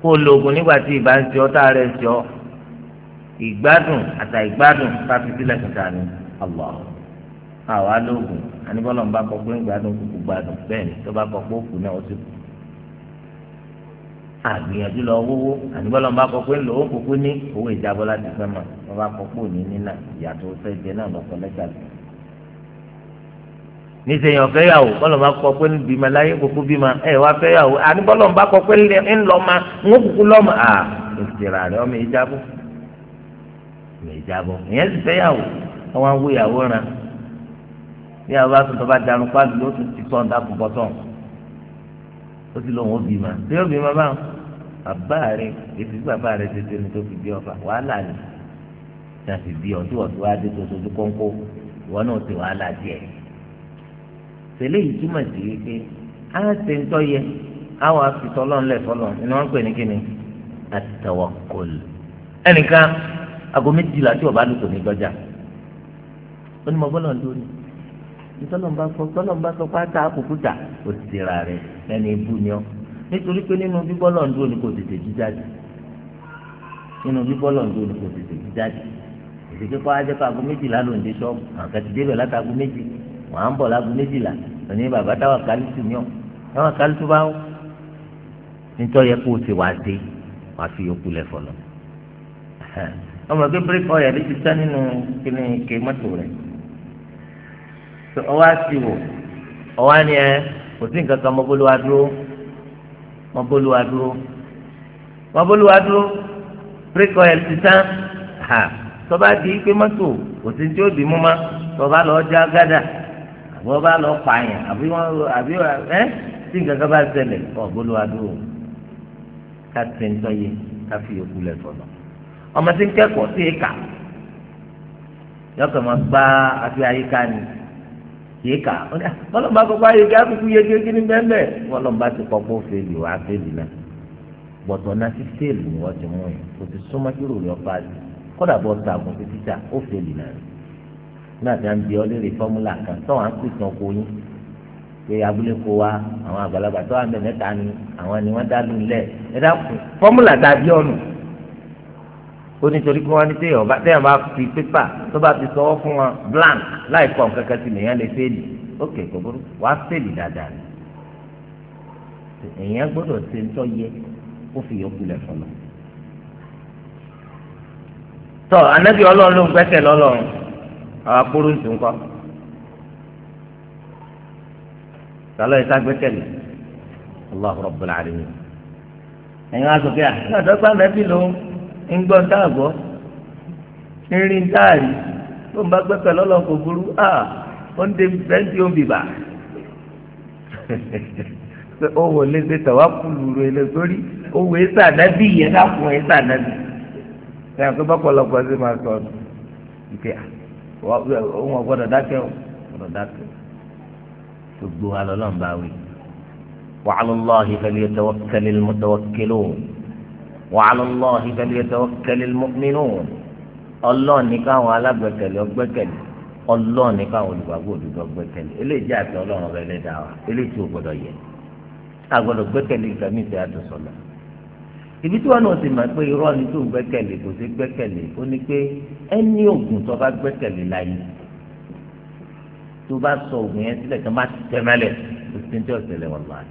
kó o lo oògùn nígbà tí ìbá ń ṣe ọ́ tá a rẹ̀ ń ṣe ọ́ ìgbádùn àtà ìgbádùn fáfi sílẹ̀ kúta ni Allah àwa lóògùn àníbọ̀lọ̀ ń bá kọ́ pé ń gbádùn kúkú gbádùn bẹ́ẹ̀ ni tó bá kọ́ pé òkú náà ó ti kú àgbìyànjú lọ wówó àníbọ́lọ́ bá kọ pé lòó kúkú ní owó ìjábọ̀ láti fẹ́ mọ̀ wọ́n bá kọ pé òní nínà ìyàtọ̀ fẹ́ jẹ náà lọ́kọ lẹ́jà lọ. níṣẹ́ yàn fẹ́ yàwó bọ́lọ̀ bá kọ pé bímọ láyé kúkú bímọ ẹ̀ wá fẹ́ yàwó àníbọ́lọ́ bá kọ pé ńlọ́mà ńwó kúkú lọ́mà à ìṣẹ̀rà rẹ̀ ọmọ ìjábọ̀ ọmọ ìjábọ̀ ìyẹn sì fẹ́ yàwó wọ́n á wó yàwó ràn bí a bá tún tó bá darun bàbá rẹ ètò bàbá rẹ tètè ní tó fi bí ọfà wàhálà ni tí a fi bí ọtí wọ́n ti wá dé tó sojú kọ́ńkọ́ ìwọ náà ti wàhálà díẹ̀ tẹ́lẹ̀ yìí túmọ̀ sí wípé á ṣe ń tọ́ yẹ á wàá fi tọ́lọ́n lẹ̀ fọlọ́n ni wọ́n ń pè ní kíni at-tawakkul ẹnìkan aago méjìlá tí ọba lùkò ní gbọ́jà ó ní mo gbọ́dọ̀ ń dúró ní tọ́lọ́n bá sọ pátá àkókò tà ó ti ra rẹ̀ ẹni ibú nítorí pé nínú bíbọ́ lọ́n dúró ni kò tètè jí jáde nínú bíbọ́ lọ́n dúró ni kò tètè jí jáde èsì kíkọ́ ajẹ́ kó aago méjìlá ló ń dé ṣọ́ọ̀bù àǹkà ti débẹ̀ láti aago méjì wọ́n á ń bọ̀ láago méjìlá òní bàbá táwa kálítù ní ọ̀ táwa kálítù bá wọ́ nítorí yẹ kó o ti wá dé wàá fi yòókù lẹ̀ fọlọ́ ọmọ gbé bíríkì ọ̀yà lè ti tán nínú kìnnìkì mọ́tò rẹ̀ ọwọ́ á ti wò ọwọ́ á ní ẹ kò sí nǹkan kan mọ́ wọn bólúwa dúró wọn bólúwa dúró brake oil ti ha tọba di pé mọ́tò kò tí ó di mú ma tọba lọ já gádà àbí wọn bá lọ pààyàn àbí wọn àbí ẹ tí nǹkan kan bá ṣẹlẹ̀ wọn bólúwa dúró ká ti ń tọ́yé ká fi òkú lẹ̀ sọ̀nà ọmọ tí ń kẹ́kọ̀ọ́ sí ìka yọkàn máa gbá àfi àyíká ni yéka ah, bọ́lọ́mọba kọ́kọ́ ayéka kúkú yege kí ni bẹ́ẹ̀ bọ́lọ́mọba ti kọ́kọ́ fèlì wá fèlì náà bọ̀tọ̀ náà ti fèlì ni wọ́n ti mú yẹn kò ti súnmọ́ kí rò lọ́ọ́ paasi kódà bọ́ ta àgùn sí títà ó fèlì náà náà ti à ń bi ọ léèrè fọ́múlà kan tó à ń pè tán kó yín pé abúlé kó wa àwọn àgbàlagbà tó à ń bẹ̀ mẹ́ta ni àwọn ni wọ́n dá lulẹ̀ ẹ dá fọ́múlà dàbí ọ̀nù ó nítorí pé wọ́n ní téèyàn bá téèyàn bá fi pépà tó bá fi sọ́wọ́ fún wọn blank láì kọ́ nǹkan kan sí lèèyàn lè fẹ́ẹ̀lì ókè kò burú wàá fẹ́ẹ̀lì dáadáa ni èèyàn gbọ́dọ̀ ṣe ń tọ́ yẹ ó fi yọkù lẹ̀ fọlọ́ tọ́ anábì ọlọ́run ló ń gbẹ́sẹ̀ lọ́lọ́run àwọn akpóró ń tún kọ́ sálọ́ ìta gbẹ́kẹ̀lé Allahu Rabbul Alamin ẹ̀yin wá sọ pé ah, à ń gbàdọ́gba nàbì lòun ń gbọ́ táàgbọ́ ń rí ń táàrí tó ń bá gbẹ́pẹ̀ lọ́lọ́ kò burú à ó ń de bẹ́ńtì ó ń bìbà pé ó wò lé ṣe tàwa kúlù rẹ̀ lé sórí ó wò é sàdábì yẹn dákun é sàdábì ṣe àkóbá pọ̀lọpọ̀ sí máa sọ ọdún ìpè à òun ọ̀gbọ́dọ̀ dákẹ́ o ọ̀gbọ́dọ̀ dákẹ́ gbogbo alọ́lọ́mbáwí wàhálà allah ìfẹ́lẹ́ tẹwọ́kẹ́lẹ́ mọ́tẹ́wọ́kẹ́lẹ́ òun. وعلى الله Allahi falyatawakkalil mu'minun ọlọ́ọ̀ ní káwọn alágbẹ̀kẹ̀lé ọgbẹ́kẹ̀lé ọlọ́ọ̀ ní káwọn olùgbàgbọ́ òdodo ọgbẹ́kẹ̀lé eléyìí jẹ́ àti ọlọ́run ọba ẹlẹ́dàá wa eléyìí tí o gbọ́dọ̀ yẹ a gbọ́dọ̀ gbẹ́kẹ̀lé nǹkan mi ti àtò sọ̀lọ̀ ibi tí wọn náà ti mọ̀ pé irọ́ ni tó gbẹ́kẹ̀lé kò sí gbẹ́kẹ̀lé ó ní pé ẹni ògùn tó bá gbẹ́kẹ̀lé láyé tó bá sọ ògùn yẹn sílẹ̀ tó bá tẹ̀mẹ́lẹ̀ kò sí ní tí ọ̀sẹ̀ lẹ̀ wọ́n lọ́wọ́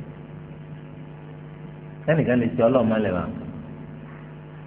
ẹnìkan lè ti ọlọ́ọ̀mọ́lẹ̀ wa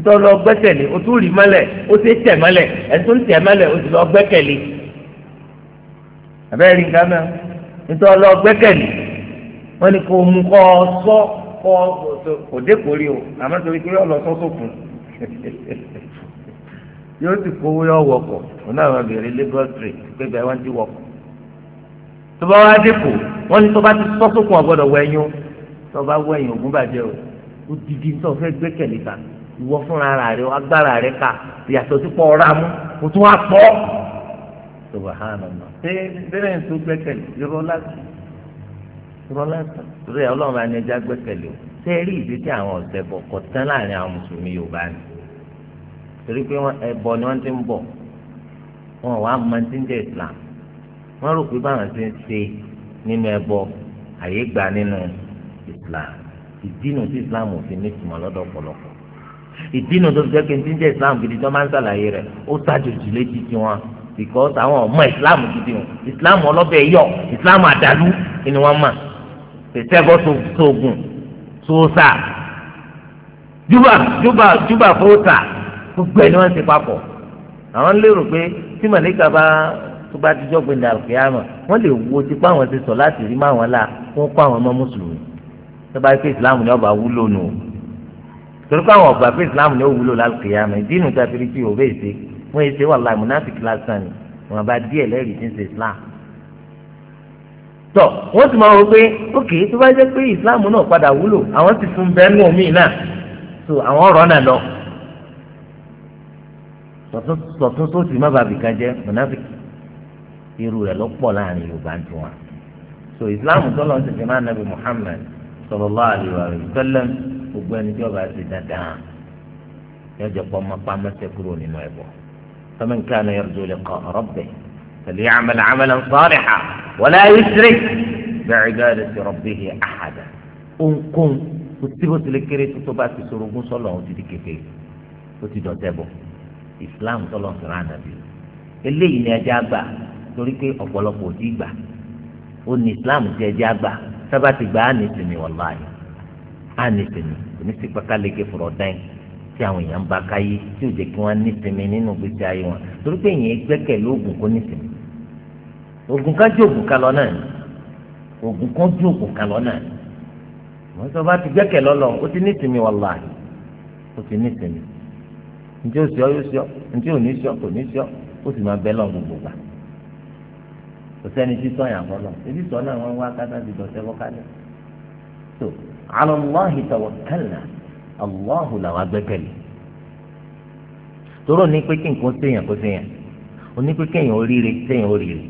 ntọ́ lọ gbẹ́kẹ̀lé o tún rí mọ́lẹ̀ o tún tẹ̀ mọ́lẹ̀ ẹ̀tún tẹ̀ mọ́lẹ̀ o tún lọ gbẹ́kẹ̀lé abẹ́rẹ́ rí nǹkan náà ntọ́ lọ gbẹ́kẹ̀lé wọ́n ní kò mú kọ́ ọ kọ́ kò dé kórè o àmọ́ torí pé yọ lọ sọ sókun yóò ti kówó yọ wọkọ̀ òun náà wọn bèrè Lagos trade pé bẹ́ẹ̀ wọ́n ti wọkọ̀ tó bá wá dé kò wọ́n ní tó bá ti sọ sókun ọ̀gbọ́dọ̀ wẹ̀yìn o tó bá wẹ̀yìn ògún bàjẹ́ o ó didi tó fẹ́ gbẹ́kẹ̀lé tàbí ìwọ fúnra rẹ agbára rẹ kà yàtọ̀ sí pọ̀ ọ̀rá mú kò tún wá pọ̀ subahánàmà ṣé bẹ́ẹ̀ tó gbẹ́kẹ̀lé irọ́ láti irọ́ láti rẹ̀ ọlọ́run bá ní ẹja gbẹ́kẹ̀lé o ṣé rí ìdí tí àwọn ọ̀sẹ̀ bọ̀ kọ̀ tán láàrin àwọn mùsùlùmí yorùbá ni torí pé ẹbọ ni wọ́n ti ń bọ̀ wọn wàá mọ ti ń jẹ́ islam wọ́n rò pé báwọn ti ń ṣe nínú ẹbọ àyè gbà nínú islam ìdí nù sí islam òfin ní ìtumọ̀ lọ́dọ̀ ọ̀pọ̀lọpọ̀ ìdínà tó jẹ́ kí n ti ń jẹ́ islam gidi tó máa ń ṣàlàyé rẹ̀ ó ṣàjòjì létí tiwọn because àwọn ọmọ islam gidi wọn islam ọlọ́bẹ̀ yọ islam àdàlú ni wọ́n mọ̀ tẹ̀sẹ̀bọ̀ sóògùn sóòsà júbà júbà júbà fóòsà gbogbo ẹ̀ ni wọ́n ti papọ̀ àwọn lérò pé tí màlíkà bá tó bá dijọ́ gbẹ̀ndà àlùkìyàmọ̀ wọ́n lè wo tipa àwọn ti sọ láti rí máwọn la wọ́n kó àwọn ọmọ mùsùlùmí tó islam ni ọba wúlò No torí káwọn ọgbà pé islam ní òwúlò lálùkìyàmẹ ìdínú tàbí tí òwe ṣe wọn ṣe wà láì munafik lásán ni wọn bá díẹ̀ lẹ́rìí tí ń ṣe islam. tọ wọn sì máa wọ pé ókè tó bá jẹ́ pé islam náà padà wúlò àwọn ti fún bẹ́ẹ̀ nù mí náà so àwọn ọ̀rọ̀ náà lọ sọtún sósì má bàbí kan jẹ́ munafik irú rẹ̀ ló pọ̀ láàrin yorùbá ju wọn. so islam tọ́lọ́ ti fi máa nàbì muhammad sallallahu alaihi wa sallam gbogbo ẹni tí ọba ti dandan yóò jẹ pọ ọmọ pa mẹsẹ kúrò nínú ẹbọ sọmi nǹkan náà yọrọ jòlè kọ ọrọ bẹ tẹlẹ àmàlà àmàlà nsọọrẹ ha wọlé ayéṣiré bẹẹ gáàdì sí rọbì hì àhàdà ohunkóhun kò sí bó tilẹ̀ kéré tó tó bá ti sọ̀rọ̀ ogún sọlọ ọ̀hún ti di kékeré ó ti dọ̀tẹ́ bọ̀ ìsìláàmù sọlọ sọ̀rọ̀ ànàbì eléyìí ni ẹjẹ́ àgbà torí pé ọ̀pọ̀lọpọ̀ ò ti gbà ó ní ìsìláàmù ti ẹjẹ́ àgbà sábà ti gbà á ní ìsinmi wàláyé á nísìmí onísìpá kálíkì fọ̀rọ̀ dáìn tí àwọn èèyàn ń ba káyé tí ò jẹ́ kí wọ́n nísìmí nínú gbèsè ayé wọn torí pé èèyàn gbẹ́kẹ̀lé oògùn kó nísìmí oògùn ká jó oògùn kan lọ náà ni oògùn kan jó oògùn kan lọ náà ni wọ́n sọ bá ti gbẹ́kẹ̀lé ọlọ ó ti nísìmí wàláhì ó ti nísìmí njẹ́ ò sí ọ yóò sí ọ njẹ́ ò ní sí ọ kò ní sí ọ ó sì máa bẹ́ lọ gbogbo gbà kò sẹ́ni tí sọ yàn fọlọ́ ebi sọ náà wọ́n wá kátà ti dọ̀tẹ́ fọ́kálẹ̀ tó ala Allahi tawakkalna Allahu làwọn agbẹ́kẹ̀lé tóró ní pé kí nǹkan séèyàn kó séèyàn oní pé kéèyàn oríire séèyàn oríire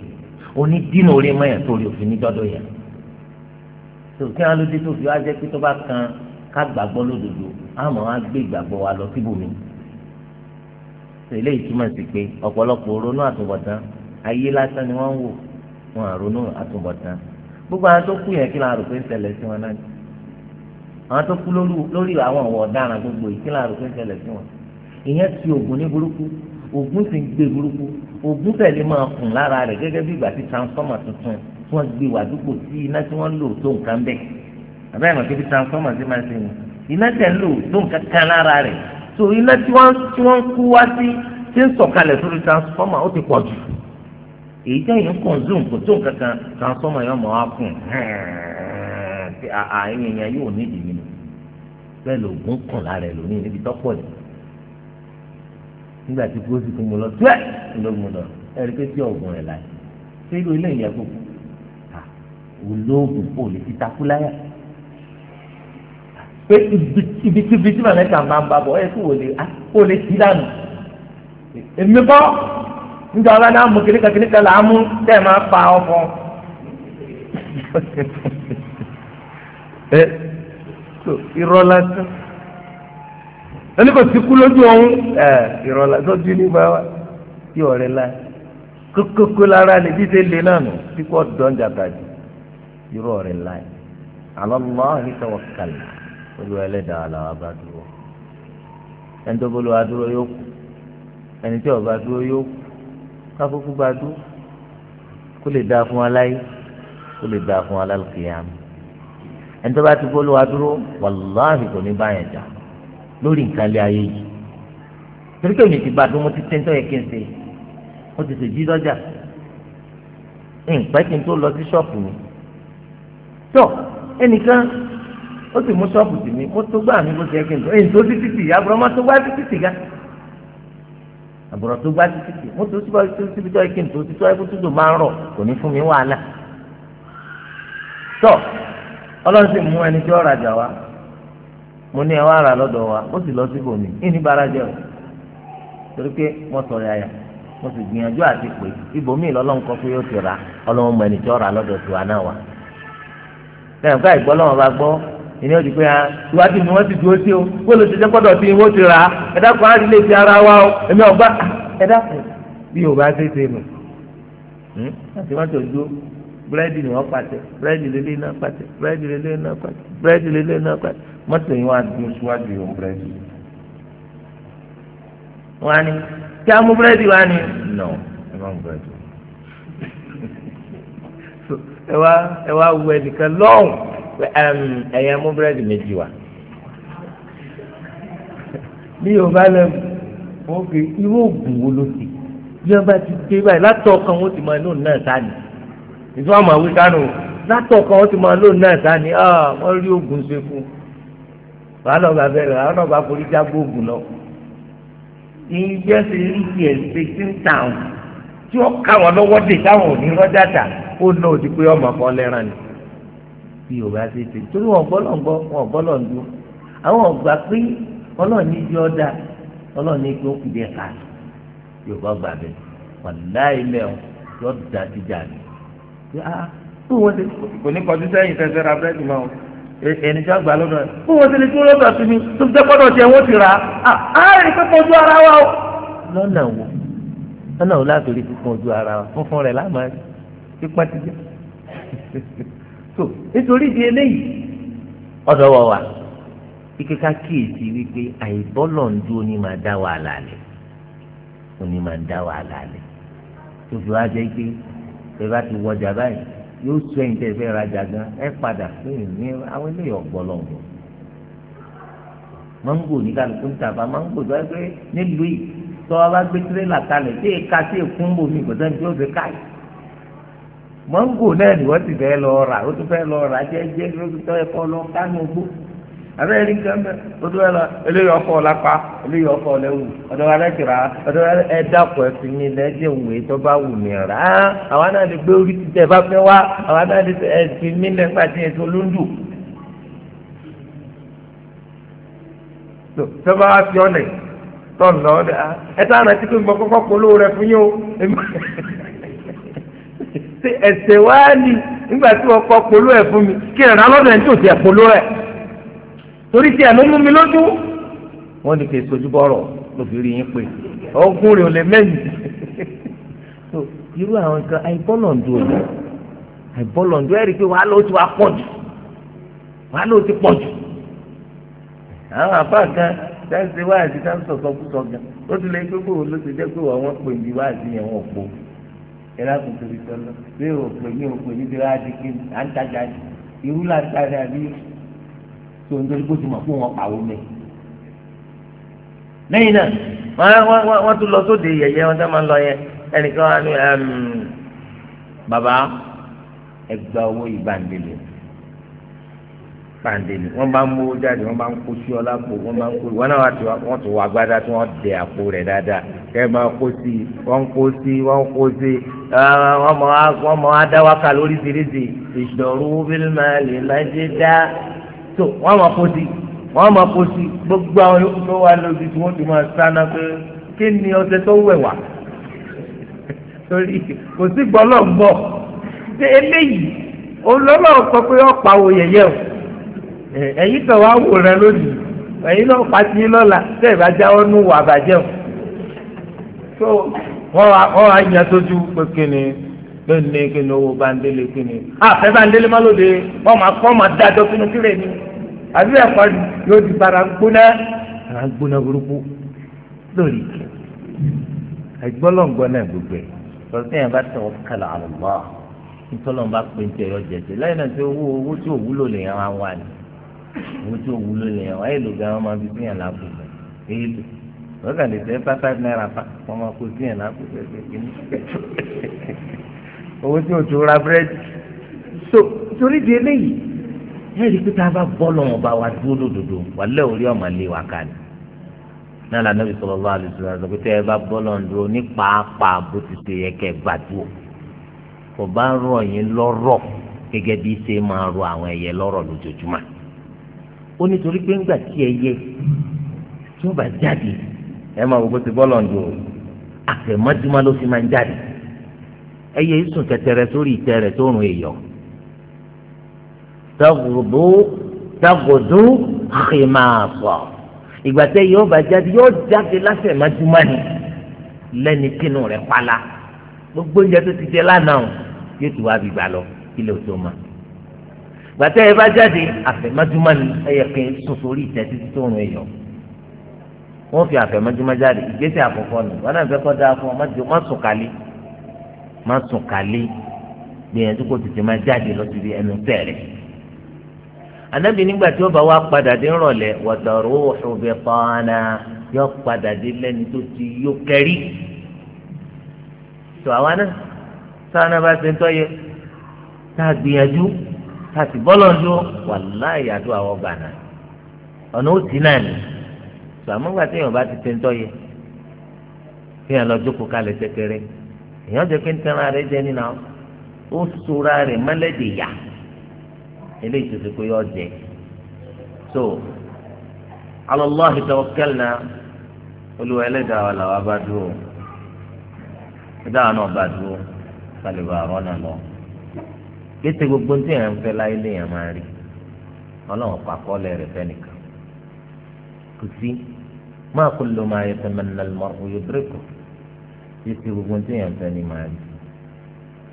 oní dínà orí mọ́yàn torí òfin ní dọ́dọ̀ yẹn tó kí wọn lóde tó fi wá jẹ́ pé tó bá kan ká gbàgbọ́ lódodo àmọ́ wọn á gbé ìgbàgbọ́ wa lọ síbòmí eléyìí túmọ̀ sí pé ọ̀pọ̀lọpọ̀ ronú àtúbọ̀tán ayé lásán ni wọ́n ń wò wọn àronú àtúbọ̀tán gbogbo àwọn tó kú yẹn kí lóun àròpé ń ṣẹlẹ̀ sí wọn náà àwọn tó kú lórí àwọn ọ̀wọ̀ ọ̀daràn gbogbo ìkíni àròkè ìṣẹ̀lẹ̀ sí wọn ìyẹn ti oògùn ní burúkú oògùn sì ń gbé burúkú oògùn tẹ̀lé máa kùn lára rẹ̀ gẹ́gẹ́ bí ìgbà tí transformer tuntun tí wọ́n gbé wà dúpọ̀ sí iná tí wọ́n lò tó nǹkan bẹ́ẹ̀ àbẹ́rẹ́ mọ̀ kébi transformer sí máa ṣe ni iná tẹ̀ ń lò tó nǹkan kan lára rẹ̀ so iná tí wọ́n kú wá sí tí ń sọ̀kalẹ̀ sórí transformer ó ti pọ̀ jù èyí tẹ̀yìn consume kò tó nǹkan kan transformer yóò mọ̀ wá kùn hẹ́ẹ́ pé àárín ah, ah, èèyàn yóò ní ìdí mi bẹ́ẹ̀ lògùn kàn lára ẹ̀ lónìí níbi tọ́pọ̀ ni nígbà tí kó sì fún mi lọ tíwẹ́ lógun lọ ẹ̀rí pé tí ọ̀gùn rẹ̀ láyé ṣé irú ilé ìyẹn kò olóògùn kò lè fi takú láyà pé ibikíbi tí màmá ẹ̀ka máa ń bá bọ̀ ẹ̀ kò lè ti dànù èmi bọ́ nígbà wọn náà mú kìnnìkan kìnnìkan là á mú tẹ̀ máa pa ọ̀fọ̀ ẹ irọ́ lásán ẹni kò sí kú lójú ọ̀hún ẹ irọ́ lásán tún ní bá wa tí ọ̀rẹ́ la kókókó lára ni bí ṣe lè náà nù bí kò dán jàkà jù irọ́ rẹ̀ la ala Allah tawakkalna olú ẹlẹ́dàá làwọn bá dúró ẹni tó bolo adúró yóò kú ẹni tí ọba dúró yóò kú káfíńkú bá dúró kó lè dáa fún aláyé kó lè dáa fún alálùkìyàmù ẹni tó bá ti gbóló wa dúró wàláhì kò ní báyẹn jà lórí nǹkan lé ayé yìí torí pé èmi ti bá dún mo ti tẹ́ńtọ́ yẹ kí n ṣe mo ti ṣèjì lọ́jà nǹkan kí n tó lọ sí ṣọ́ọ̀pù mi tó ẹnìkan ó sì mú ṣọ́ọ̀pù tì mí mo tó gbà mí bó ṣe yẹ kí n tó èyí tó sí títì àbúrò má tó gbá sí títì ga àbúrò tó gbá sí títì mo tó síbi tó yẹ kí n tó títọ́ ẹkú tó máa ń rọ̀ kò ní fún mi wàhálà tó ọlọ́run sì mú ẹni tí ó rajà wá mo ní ẹ wá rà lọ́dọ̀ wa ó sì lọ síbò mí ìní bara jẹ́ o torí pé wọ́n sọ̀rọ̀ yàyà mo sì gbìyànjú àti pé ibòmíì lọ́lọ́run kọ́ pé yóò ti rà ọlọ́run mọ ẹni tí ó rà lọ́dọ̀ tiwa náà wá lẹ́yìn ká ìgbọ́ lọ́wọ́ bá gbọ́ ìní òdì pé iwájú ah, mi wọ́n ti dúró sí o wọ́n lọ ṣiṣẹ́ gbọ́dọ̀ tí wọ́n ti rà á ẹ̀dá á rí lè fi ara wa o èmi ọ̀gbá ah, ẹ̀dá kan bí yorùbá ṣe ṣe nù hmm? búrẹ́dì ni wọ́n pàtẹ búrẹ́dì lélẹ́ náà pàtẹ búrẹ́dì lélẹ́ náà pàtẹ búrẹ́dì lélẹ́ náà pàtẹ mọ́tò yìí wọ́n á dúró síwájú ìhùn búrẹ́dì. wọ́n á ní kí á mú búrẹ́dì wá ní. nọ ẹ má mú búrẹ́dì. ẹ wá ẹ wá wú ẹnìkan lọ́hùn ẹ̀yẹ mú búrẹ́dì méjì wá. bí yorùbá lẹ́nu wọ́n fi irú òògùn wo ló ti bí wọ́n bá ti dé báyìí látọ̀ kan wọ́n ti mọ inú náà sáà ní ìfún àmọ́ àwí kánò látọ̀kọ̀ wọ́n ti máa lóun náà sáni ah, wọ́n rí oògùn ṣe fún wàhálà ọba bẹ̀rẹ̀ wàhálà ọba forí jágbó oògùn lọ. ìyẹ́ ṣe ń tiẹ̀ ṣe ti ń tà wọn tí wọ́n ká wọn lọ́wọ́ dè táwọn ò ní rọ́jà tà ó ná òdi pé ọmọ kan lẹ́ràn ni. bí o bá ṣe ṣe torí wọn gbọ́lọ̀ ń gbọ́ wọn gbọ́lọ̀ ń dún àwọn ọgbà pé ọlọ́ọ̀ni bí ọ da ọlọ́ọ̀ni pé ó kù díẹ̀ káàdì yorùbá gbà bẹ́ẹ̀ wàláì mẹ́ọ̀ yọ̀ọ́ dá ti jà ní kó ah, ah, wọ́n ṣe kò ní kọjú sẹ́yìn fẹ́fẹ́ ra búrẹ́dì mọ́ e, ẹni tí wọ́n gbà lọ́dọ̀ rẹ̀ kó wọ́n ṣe lè dúró lọ́dọ̀ sí mi tó fi dẹ́kọ́dọ̀ tiẹ̀ wọ́n ti rà á á ah, rí pípọ̀ ojú ara wa o. lọ́nà wo lọ́nà wo láti rí pípọ̀ ojú ara wa fúnfún rẹ̀ láàmú pípọ̀ ti jẹ́ so nítorí di eléyìí ọ̀dọ̀ wọ̀ wá ike ká kíyèsí wípé àìbọ́lọ̀ ń dúró ní máa dá wàhálà lẹ̀ òní máa dá wàhálà lẹ̀ tó fi wá jẹ́ pé tẹ bá ti wọjà báyìí yóò sọ ẹ̀yin tẹ fẹ́ rajà gan ẹ padà fún ní àwọn eléyìí ọgbọlọgbọ mango ní kálukú ń tàbá mango tó ẹ pé nílùú yìí tó a bá gbé tirẹ́là kalẹ̀ tí èka sí èkún bomi kò sẹ́ni tí ó fi káyì mango náà ni wọ́n ti fẹ́ lọ rà ó tún fẹ́ lọ rà jẹ́jẹ́ ló tún ẹ̀kọ́ lọ kánú gbó. abẹ́rẹ́ rí nǹkan bẹ́ẹ̀ odò eléyìí ọkọ̀ ọ̀lápá eléyìí ọkọ̀ ọ̀lẹ́wù ọ̀dọ̀ wa lẹ́tìrà ọ̀dọ̀ ẹ̀sìn lẹ́jẹ̀ òwe tó bá wù mí rà á náà lè gbé orí títẹ̀ bá fẹ́ wá náà lè ẹ̀sìn lẹ́gbà tí tó bá wá fi ọ̀nẹ̀ tó ń lọ ọ̀dẹ̀ ẹ tá àná tí kò ń bọ kọ́kọ́ rẹ fún yín o wá ní nígbà tí wọ́n kọ́ torí tiẹ̀ ló mú mi lójú wọ́n ní kì í sojú bọ́rọ̀ ló fi rí yín pé ọkùnrin rẹ̀ ò lè mẹ́yìn irú àwọn nǹkan àìbọ́lọ̀ ń dùn ní àìbọ́lọ̀ ń dùn ẹ̀rí pé wàá ló ti wá pọ̀ jù wàá ló ti pọ̀ jù àwọn àfáà kan sáǹsì wáàsí sáǹsì sọ̀kúsọ gan ó ti lè pé kó o ló ti jẹ́ pé wọ́n pè ní wáàsí yẹn wọ́n pò ẹ̀rá kò tóbi sọ́lọ́ bí o ní o ní bí wàá kí n irú làtàrí àbí tó ń torí kó ti mọ̀ fún wọn pàwọ́ mi. lẹ́yìn náà wọ́n wọ́n tún lọ sóde yẹ̀yẹ́ wọn tó máa ń lọ yẹn ẹnìkan wá ní bàbá ẹgbà owó ìbàǹdẹ̀lẹ̀ pàǹdẹ̀lẹ̀ wọ́n bá ń mú owó jáde wọ́n bá ń kó sí ọlá pò wọ́n bá ń kó wọn náà wọ́n tún wọ agbádá tí wọ́n dẹ àpò rẹ̀ dáadáa kẹ́ ẹ máa kó sí wọ́n kó sí wọ́n kó sí ah, wọ́n mọ̀ á dá wákà lóríṣiríṣi ìṣòro bílmà lè má dá. So wọ́n máa kó sí wọ́n máa kó sí gbogbo àwọn yòókù tó wà lójú tí wọ́n ti máa sáná pé kí ni ọṣẹ tó wẹ̀ wá torí kò sí gbọ́lọ́ ń bọ̀ ṣé eléyìí olólọ́ sọ pé ọ̀pá wo yẹ̀yẹ́ o ẹ̀yin tó wá wò rẹ lónìí ẹ̀yin náà pàtí lọ́la tẹ́ ẹ̀ bá jáwọ́ nù wà bàjẹ́ o so wọ́n wá yẹn tójú pé kí ni lónìí kí ni owó bandele kí ni àfẹ́ bandele má lóde wọ́n máa kọ́ máa dájọ́ sínú kílẹ̀ ni àbí ẹ̀kọ́ yóò di bara gbóná bara gbóná burúkú lórí ìkẹ́ ẹgbọ́lọ́ngbọ́n náà gbogbo ẹ̀ lọ́sẹ̀ yẹn bá tẹ̀ ọ́ kàlà àlùbọ́ ìtọ́lọ́n bá pè ń tẹ̀ ọ́ jẹ̀jẹ̀ lẹ́yìn náà tí owó owó tí òwúlò lè yàn wá ni owó tí òwúlò lè yàn wá èlò gan máa fi fún yàn lápò èyí lò lọ́sẹ̀ lè tẹ́ pátá náírà pa wọ́n máa kó sí yàn lápò owó tí o tó ra búrẹ́dì so torí di eléyìí ẹ rí i pé tá a bá bọ́ lọ́wọ́ bá wa dúró lódodo wà lẹ́ òrí ọmọ lé wa ká ni náà lànà bí sọlọ́lá àlùsọ àti pé tẹ́ ẹ bá bọ́ lọ́wọ́ dúró ní pàápàá bó ti ṣe yẹ kẹ́ ẹ bá dúró kò bá rọ̀ yín lọ́rọ̀ gẹ́gẹ́ bí ṣe máa rọ àwọn ẹyẹ lọ́rọ̀ lójoojúmọ́ ó nítorí pé ńgbà tí ẹyẹ tí ó bá jáde ẹ máa wọ ẹyẹ ìsùn tẹ̀tẹ̀rẹ̀ sórí ìtẹ́ rẹ̀ tó rùn èèyàn tagùdú tagùdú xìmáàfọ̀ ìgbà tẹ́ yóò bá jáde yóò jáde lásẹ̀ májúmọ́ni lẹ́ni kínú rẹ̀ pala gbogbo oúnjẹ tó ti jẹ lánàá yóò tún wá bìgbà lọ kí lè tó máa gbàtẹ́ ẹ bá jáde àfẹ̀mọ́júmọ́ ni ẹyẹ kan sùn sórí ìtẹ́ títí tó rùn èèyàn wọ́n fi àfẹ̀mọ́júmọ́ jáde ìgbésẹ̀ àkọ́kọ́ ni wọ́n náà fẹ́ kọ́ dáa fún ọ má sùn kálí má sùn kálí gbìyànjú kó tètè má jáde lọ síbi ẹnu tẹ̀rẹ̀. Ànábì nígbà tí ó bá wá padà dé rọ̀lẹ́ wọ̀tọ̀rọ̀ òṣùbí pọ́nà yóò padà dé lẹ́ni tó ti yó kẹrí. tó àwa náà sáwọn bá ṣe ń tọ́yẹ tá a gbìyànjú tá a sì bọ́ lọ́dún wàláhì àdúrà àwọn gbàná ọ̀nà ó tì náà ni tó àmúgbà tí èèyàn bá ti ṣe ń tọ́yẹ fi hàn lọ jókòó kalẹ̀ tẹ́tẹ́rẹ́ èèyàn jẹ́ pé ń tẹ́ra rẹ jẹ nínú àwọn ó sora rẹ mọ́lẹ́dẹ̀ yá eléyìí tó pé yọ jẹ so ala Allahi tawakkalna olùwà ẹlẹ́dàá wa làwọn bá dúró ẹ̀dá náà bá dúró kálíbà rọ́nà lọ kété gbogbo ní èèyàn ń fẹ́ láyé léèyàn máa rí ọlọ́run pàkọ́lẹ̀ rẹ̀ fẹ́nìkan kò sí ma kullu ma yatamanna al-mar'u yudriku títí gbogbo tí èèyàn fẹ́ ni màá rí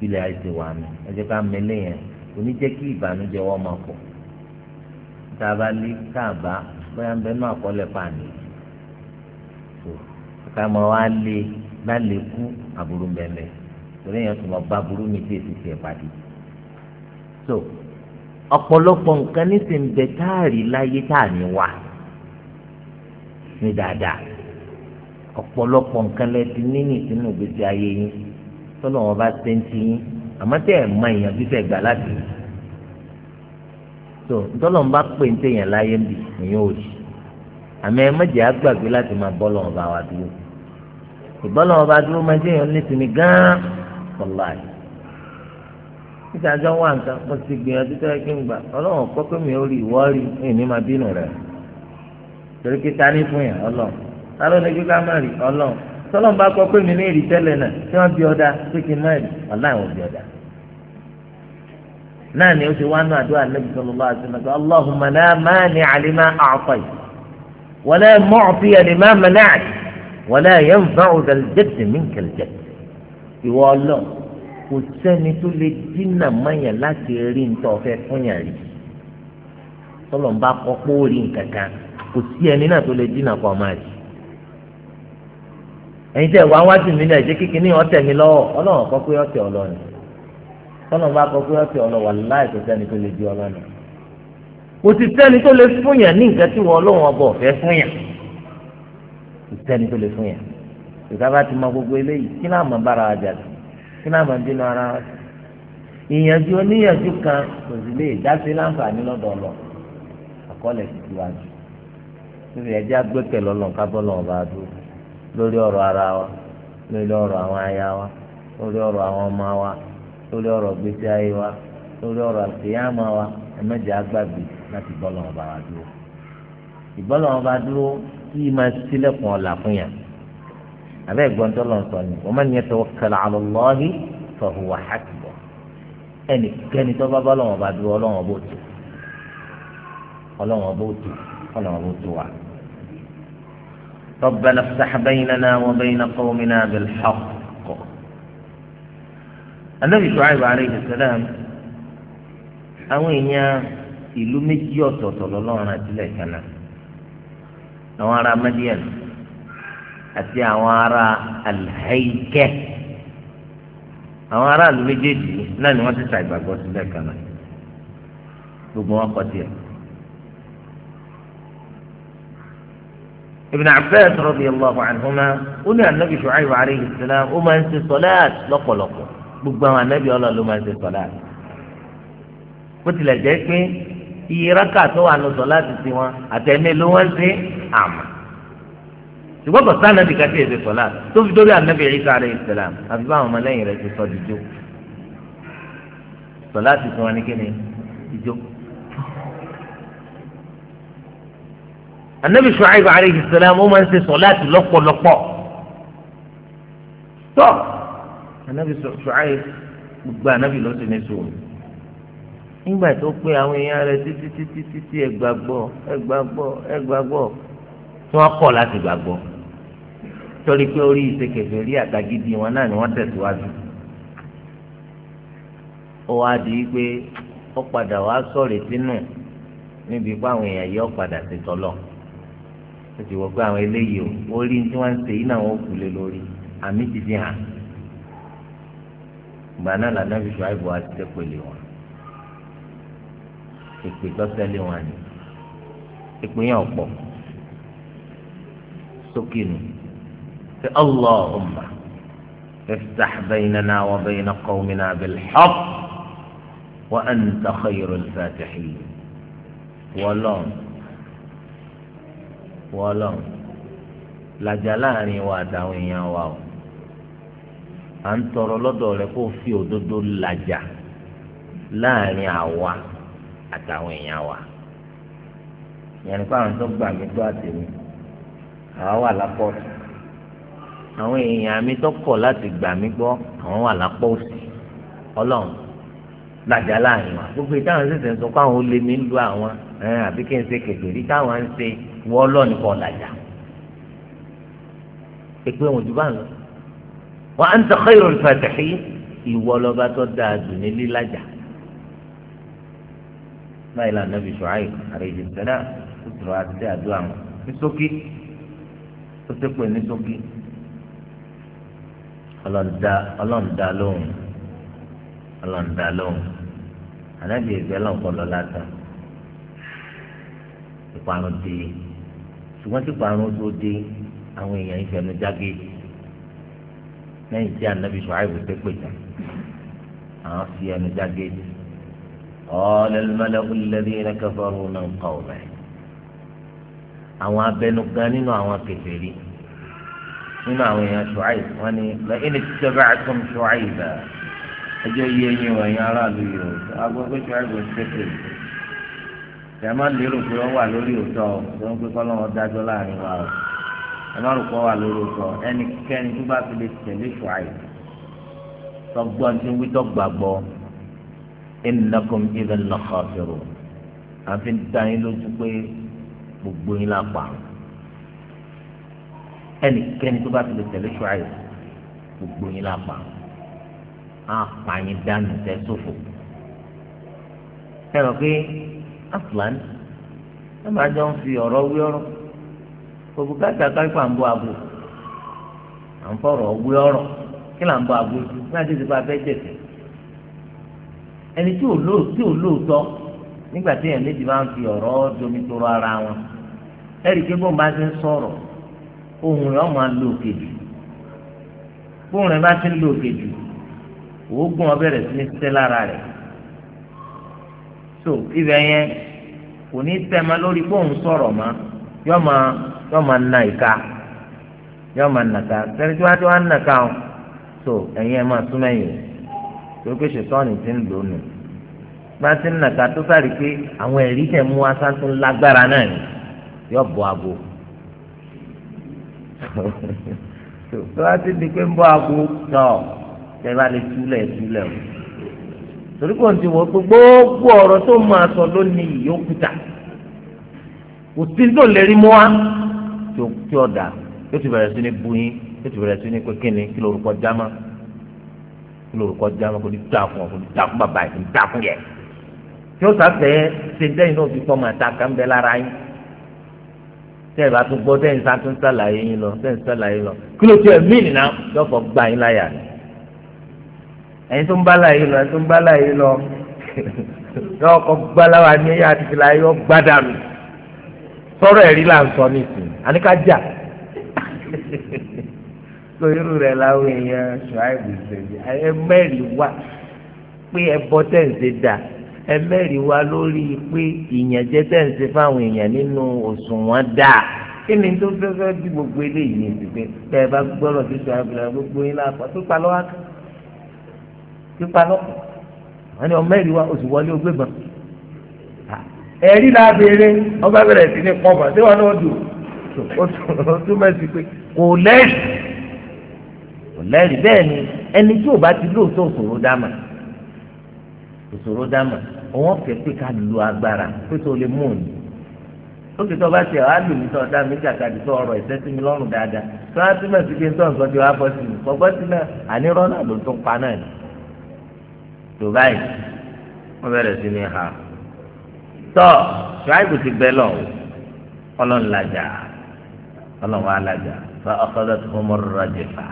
ilẹ̀ àìsè wà mí ẹjẹ́ ká mẹ́lẹ̀ yẹn òní jẹ́ kí ìbànújẹ́ wọ́n máa pọ̀ tá a bá lé káàbá bóyá ń bẹ náà kọ́lẹ̀ pàní tó ká máa wá lé lálẹ́ kú àbúrú mẹ́lẹ̀ torí èèyàn tó máa bá burú mi tí èsì tiẹ̀ pàdé tó ọ̀pọ̀lọpọ̀ nǹkan nísìnyí bẹ táàrí láyé táà ní wà ní dáadáa ọ̀pọ̀lọpọ̀ nǹkan lẹ ti níní sínú ìgbésí ayé yín tọ́lọ̀ wọn bá ṣe ń ti yín àmọ́ tẹ́ ẹ̀ mọ èèyàn bí fẹ́ gbà láti yín tó tọ́lọ̀ ń bá pè ń tẹ̀yàn láyé ń bì èèyàn ò jì àmọ́ ẹ mọ̀jẹ̀ á gbàgbé láti máa bọ́ lọ́wọ́ bá wa dúró ìbọ́lọ̀ wọn bá dúró máa jẹ́ èèyàn nísìnyí gán-an pọ̀lá yìí níta jọ wà nǹkan mo ti gbìyànjú tó yẹ kí n gbà ọlọ́run kọ́kọ́ mi ò rí ìwọ́ rí èmi máa bínú rẹ̀ torí kíta fún yàn ọlọ́run ta ló ní kíkà má rí ọlọ́run tọ́lọ́n bá kọ́ pé mi ní ìrì tẹ́lẹ̀ náà tí wọ́n bí ọ̀dà pé kí n má rí ọ̀la àwọn bí ọ̀dà. náà ni ó ti wá nú àdúrà Ànábì sallallahu alaihi wasallam Allahumma la mani'a lima a'tayta wa la mu'tiya lima mana'ta wa la yanfa'u dhal jaddi minkal jadd ìwọ ọlọ́run kò sẹ́ni tó lè dínà mọ́yàn láti rí nǹkan ọ̀fẹ́ fún yàn rí tọ́lọ̀ ń bá kọ́ pé ó rí nǹkan kan kò sí ẹ̀yin tẹ̀ wá wájú mi náà ẹ̀jẹ̀ kíkì ní ọ̀tẹ̀ mi lọ́wọ́ ọlọ́run kọ́ pé ọ̀tẹ̀ ọlọ́run tọ́lọ́run bá kọ́ pé ọ̀tẹ̀ ọlọ́run wà láì kò sẹ́ni tó lè di ọlọ́run kò sì sẹ́ni tó lè fún yàn ní nǹkan tí wọn ọlọ́run ọba ọ̀fẹ́ fún yàn kò sẹ́ni tó lè fún yàn ìsábà ti mọ gbogbo eléyìí kí náà mọ bára wa jà kí náà mọ bínú ara wa ìyànjú oníyànjú kan kò sì lè dásí láǹfààní lọ́dọ̀ ọlọ́ àkọọ́lẹ̀ ti ti wájú lórí ọ̀rọ̀ ara wa lórí ọ̀rọ̀ àwọn aya wa lórí ọ̀rọ̀ àwọn ọmọ wa lórí ọ̀rọ̀ gbèsè ayé wa lórí ọ̀rọ̀ àtìyámà wa ẹ̀mẹ́jẹ̀ agbàgbé láti bọ́lọ̀ ọba wa dúró ìbọ́lọ̀ ọba dúró kí máa sílẹ̀kùn ọ̀la fún yàn abẹ́ ìgbọ́n tó lọ́n sọ ni wa man yatawakkal ala Allahi fa huwa hasbuh ẹnikẹ́ni tó bá bọ́lọ̀ ọba dúró ọlọ́wọ́n bó tó ọlọ́wọ́n bó tó ọlọ́wọ́n bó tó wa. ربنا افتح بيننا وبين قومنا بالحق النبي شعيب عليه السلام أوين يا إلو مجيوتو تلولونا تليك أنا نوارا مدين أتي أوارا الهيكة أوارا المجيدي نانو ما تسعي بقوة تليك أنا لبوا قتير Ibn Abbas radiyallahu anhuma ó ní anabi Shu'aib alayhi salam ó máa ń ṣe sọláàt lọ́pọ̀lọpọ̀ gbogbo àwọn anabi Ọlọ́run ló máa ń ṣe sọláàt bó tilẹ̀ jẹ́ pé iye rákà tó wà lọ sọláàt ti wọn àtẹ̀mí ló wọ́n ṣe àmà ṣùgbọ́n kò sáà nàbì kàtí èdè sọ̀lá tó fi dórí ànábì Ìsá alayhi salam àfi bá àwọn ọmọlẹ́yìn rẹ̀ ti sọ dìjó sọ̀lá ti sọ wọn ní kíni dìjó anabi Shu'aib alayhi salam ó máa ń ṣe sọláàtì lọ́pọ̀lọpọ̀ tó anabi Shu'aib gbogbo anabi ló ti ní sùn nígbà tó pé àwọn èèyàn rẹ̀ títí títí títí ẹ gbàgbọ́ ẹ gbàgbọ́ ẹ gbàgbọ́ tí wọ́n kọ̀ láti gbàgbọ́ torí pé orí ìsekèfé rí àtàgídí wọn náà ni wọ́n tẹ̀síwájú ó wá di pé ó padà wá sọ̀rètí nù níbi pé àwọn èèyàn yìí ó padà ti tọ́lọ̀. ó ti wọ́n pé àwọn eléyìí o ti wọ rí tí wọ́n ń ṣe iná wọn kù lé lórí àmì ti fi hàn gbà náà lànà fi ṣọ àìbò àti tẹ́pẹ̀lé wọn ìpè tọ́sẹ́lé wọn ni èpè yẹn ọ̀pọ̀ sókè nù ṣe allahumma iftah baynana wa bayna qawmina bilhaq wa anta khayrul fatihin wọlọ́run. wọ́ọ́lọ́ làjà láàrin wa àtàwọn èèyàn wa o à ń tọrọ lọ́dọ̀ rẹ kó fi òdodo làjà láàrin àwa àtàwọn èèyàn wa yẹn kó àwọn tó gbà mí tó àtẹ̀mí àwa wà lápọ̀ àwọn èèyàn mi tó kọ̀ láti gbà mí gbọ́ àwọn wà lápọ̀ òsì ọlọ́run làjà láàrin wa gbogbo ìtàn ṣẹ̀ṣẹ̀ ń sọ pé àwọn olè mi ń lu àwọn àbí kí ṣe kẹ̀kẹ́ rí táwọn ń ṣe wọ́n lọ́ọ̀nì kan làjà pépé wọn jù bá ń lọ wa anta khairul fatihin ìwọ lọ́ba tó dáa jù ní lílàjà báyìí la nàbì Shu'aib alayhi salam ó tọrọ àti àdúrà wọn ní sókí ó ti pè ní sókí ọlọ́ọ̀dá lóhùn ọlọ́ọ̀dá lóhùn ànábì ìgbẹ́ lọ́nkọ́ lọ́la tán ìparun ti yìí. ṣùgbọ́n tí kparun tó dé àwọn èèyàn ìfẹ̀nu jáde lẹ́yìn tí anabi Ṣuaibu pépè jà àwọn fi ẹnu jáde qala al-mala'u náà ń kọ́ ọ̀rẹ́ àwọn abẹnu gan nínú àwọn kèfèrí nínú àwọn èèyàn Ṣuaibu wọn ni la'in ittaba'tum Ṣuaiba ẹjọ́ yẹ yín wọ̀nyí aráàlú yìí o agbẹ́gbẹ́ Ṣuaibu pépè tán. ẹ má lérò pé wọ́n wà lórí òótọ́ o tó ń pé kọ́lọ́wọ́ dájọ́ láàrin wa o ẹ má rò pé wọ́n wà lórí òótọ́ ẹnikẹ́ni tó bá fi lè tẹ̀lé ṣùáì tọgbọ́n tí ń wí tọgbà gbọ́ innakum idhan la khasirun àfi dá yín lójú pé gbogbo yín la pa ẹnikẹ́ni tó bá ti lè tẹ̀lé ṣùáì gbogbo yín la pa á pa tẹ́ sófò ẹ rọ pé. afúlán ẹ máa jọ ń fi ọ̀rọ̀ wí ọ̀rọ̀ gbogbo káàkiri akáríkọ à ń bọ àbò à ń fọ̀rọ̀ wí ọ̀rọ̀ kí là ń bọ àbò ju ní àti ìdìbò abẹ́ fi ọ̀rọ̀ domitoro ara wọn ẹ̀rí bóun bá ti ń sọ̀rọ̀ ohun rẹ̀ òkè jù bóun rẹ̀ bá ti ń òkè jù ọbẹ̀ so ibẹ̀ yẹn kò ní tẹ̀mọ́ lórí pé òun sọ̀rọ̀ mọ́ yọ máa yọ máa na ìka yọ máa nàka sẹ́ni tí wọ́n ti wá nàka o so ẹ̀yin ẹ̀ máa súnmọ́ ẹ̀yìn o torí pé ṣètọ́ọ̀nì ti ń lò nù bá ti ń nàka tó sáré pé àwọn ẹ̀rí tẹ̀ mú asáńtó lágbára náà ni yọ bọ̀ abo tó bá ti di pé ń bọ̀ abo tọ̀ tẹ́ bá lè túlẹ̀ túlẹ̀ o torí kò ní ti wọ́n pé gbogbo ọ̀rọ̀ tó máa sọ lónìí ìyókùtà kò sí tó lè rí mọ́ wa tí ó dà yóò ti bẹ̀rẹ̀ sí ní buyin yóò ti bẹ̀rẹ̀ sí ní kékeré kí lórúkọ jámá kí lórúkọ jámá kò ní dà fún ọ kò ní dà fún bàbá yìí kò ní dà fún yẹ tí ó sáfẹ́ ṣe dẹ́yìn náà fi fọ́ọ̀mù àtàkà ń bẹ lára yín tẹ́ ẹ bá tún gbọ́ dẹ́yìn sá tún sàlàyé yín lọ dẹ́yìn sàlàyé lọ kí ló tiẹ̀ mí nìyà lọ́fọ̀ọ́ gbà yín láyà ni ẹ̀yin tó ń bá láàyè lọ ẹ̀yin tó ń bá láàyè lọ náà kọ́ gbáláwa ní ẹ̀yà àti ìlà ayọ́ gbádàmì sọ̀rọ̀ ẹ̀rí là ń sọ nìsín àníkájà so irú rẹ̀ láwọn èèyàn ṣùáìbù ṣèlè ẹ mẹ́rin wá pé ẹbọ tẹ̀sí dà ẹ mẹ́rin wá lórí pé ìyànjẹ tẹ̀sí fáwọn èèyàn nínú òṣùwọ̀n dà kí ni tó fẹ́ fẹ́ bí gbogbo eléyìí ní ìsìnkú ẹ bá gbọ́rọ̀ sí ṣùáìbù gbogbo yín lápá tó pa lọ́wọ́ kan pípa lọ́pọ̀ wọn ni ọmọ ẹ̀rí wa oṣù wọlé ogbé gbọ̀n ẹ̀rí la béèrè ọba bẹ̀rẹ̀ sí ní pọ̀ bọ̀ ṣé wọn náà dùn ó túmọ̀ sí pé kò lẹ́rìí kò lẹ́rìí bẹ́ẹ̀ ni ẹni tí ò bá ti lóòótọ́ òṣòro dámà òṣòro dámà òun ọ̀fẹ́ pé ká lu agbára pé tó lè mú òní ó kì í tọ́ bá tiẹ̀ wá lù mí tọ́ dá mi jàkadì tó ọ̀rọ̀ ìṣẹ́ sí mi lọ́rùn dáadáa tó wá túmọ̀ sí pé tó nǹkan ti wá bọ́ sí mi kọ́gbọ́n sí náà ànírọ́ náà ló tún pa náà ni. Dubai wọ́n bẹ̀rẹ̀ sí ní ha tọ́ ṣùáìbù ti bẹ́ lọ ọlọ́run lajà ọlọ́run wa lajà fa ọ̀kọ́dọ̀ tó fún mọ́rọ́ rajẹ̀ fà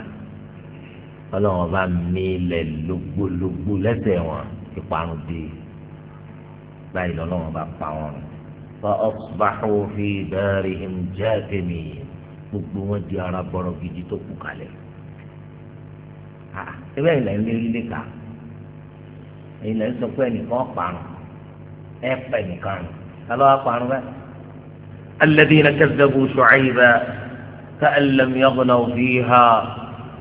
ọlọ́run ọba mílẹ̀ lógbólógbó lẹ́sẹ̀ wọn ìparun dé báyìí lọ́lọ́run ọba pa wọn fa ọ̀kùbáhù fi darihim jatimi gbogbo wọn di ara bọ̀rọ̀ gidi tó kù kalẹ̀ ah ebe ìlànà ilé ká. èyí lẹ́yìn sọ pé ẹnìkan parun ẹ pẹ̀ nìkan rẹ̀ alọ́ parun bẹ́ẹ̀. alladhina kazzabu Shu'ayba ka'an náà fi hà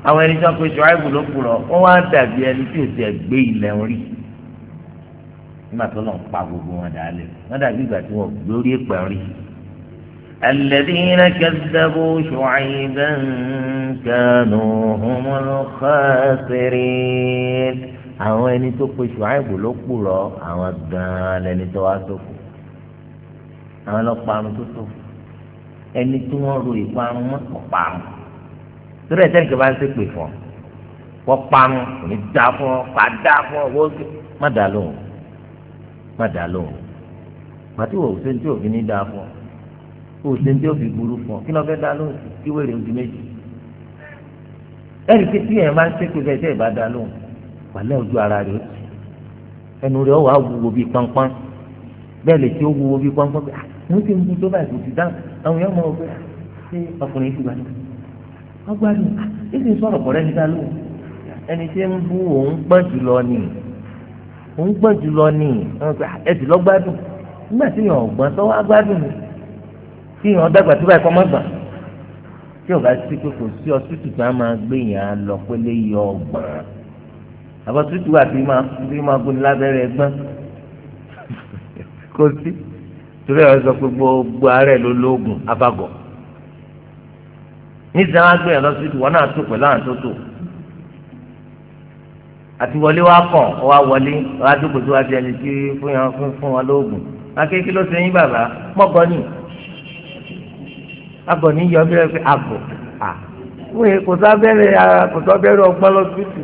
àwọn ẹni sọ pé Shu'aybu ló lọ wọ́n wọ́n wá dàbí ẹni tí ò ti ẹ̀ gbé ilẹ̀ ń rí nígbà tó lọ́n pa gbogbo wọn dà lẹ̀ wọ́n dàbí ìgbà tí wọ́n wọ́n gbé èpè rí. الذين كذبوا شعيبا كانوا هم الخاسرين àwọn ẹni tó pe ṣùáìbù ló kùrọ̀ àwọn gan-an lẹni tó wá sófò àwọn lọ parun tó sófò ẹni tí wọ́n ro ìparun mọ́ kò parun torí ẹ̀ sẹ́ni kí wọ́n bá ń ṣépè fún ọ wọ́n parun kò ní dá fún ọ pa dá fún ọ wọ́n má dá lóhùn má dá lóhùn pàtó wò ó ṣe ní tí òfin ní dá fún ọ òsèǹdé òfin burú fún ọ kí ló fẹ́ dá lóhùn kí wèrè ń méjì ẹ̀rí pé tí ẹ̀ máa ń ṣépè fẹ́ tẹ́ ẹ̀ dá lóhùn wàlẹ́ ojú ara rẹ̀ ẹnu rẹ̀ wà á wúwo bíi pánpán bẹ́ẹ̀ lè tí ó wúwo bíi pánpán pé àwọn ah, tí mo tó báyìí kò ti dáhùn àwọn yẹn mọ̀ ọ́ pé ah, ṣé ọkùnrin ti gbàdúrà wọ́n gbàdúrà èsì ah, sọ̀rọ̀ kọ̀rẹ́ níta ló ẹni tí ń bú òun gbọ́n jùlọ ni òun gbọ́n jùlọ ni ẹ sì lọ gbádùn nígbà tí yàn ọ̀gbọ́n tó wá gbádùn ni tí yàn dàgbà tó báyìí kọ́ mọ́ gbà tí ò bá sí pé kò sí ọsítù tí máa gbé yàn á lọ pé lè yọ ọ̀gbọ́n àbọ̀ tútù àti máa bí máa gbóni lábẹ́rẹ́ ẹgbọ́n kò sí torí ẹ̀rọ sọ pé gbogbo ara ẹ̀ ló lóògùn abagọ̀ níta wá gbé ẹ̀rọ tútù wọn náà tó pẹ̀lú àwọn tó tó àti wọlé wa kàn wá wọlé wá dúkòó tó wá di ẹni tí fún yàn fún fún wọn lóògùn akéèké ló ṣe bàbá mọ́gọ́ ni agọ̀ ní yọ bí ẹ fi àgọ̀ à wọ́n yẹ kò sábẹ́rẹ́ kò sábẹ́rẹ́ ọgbọ́n lọ́sítù.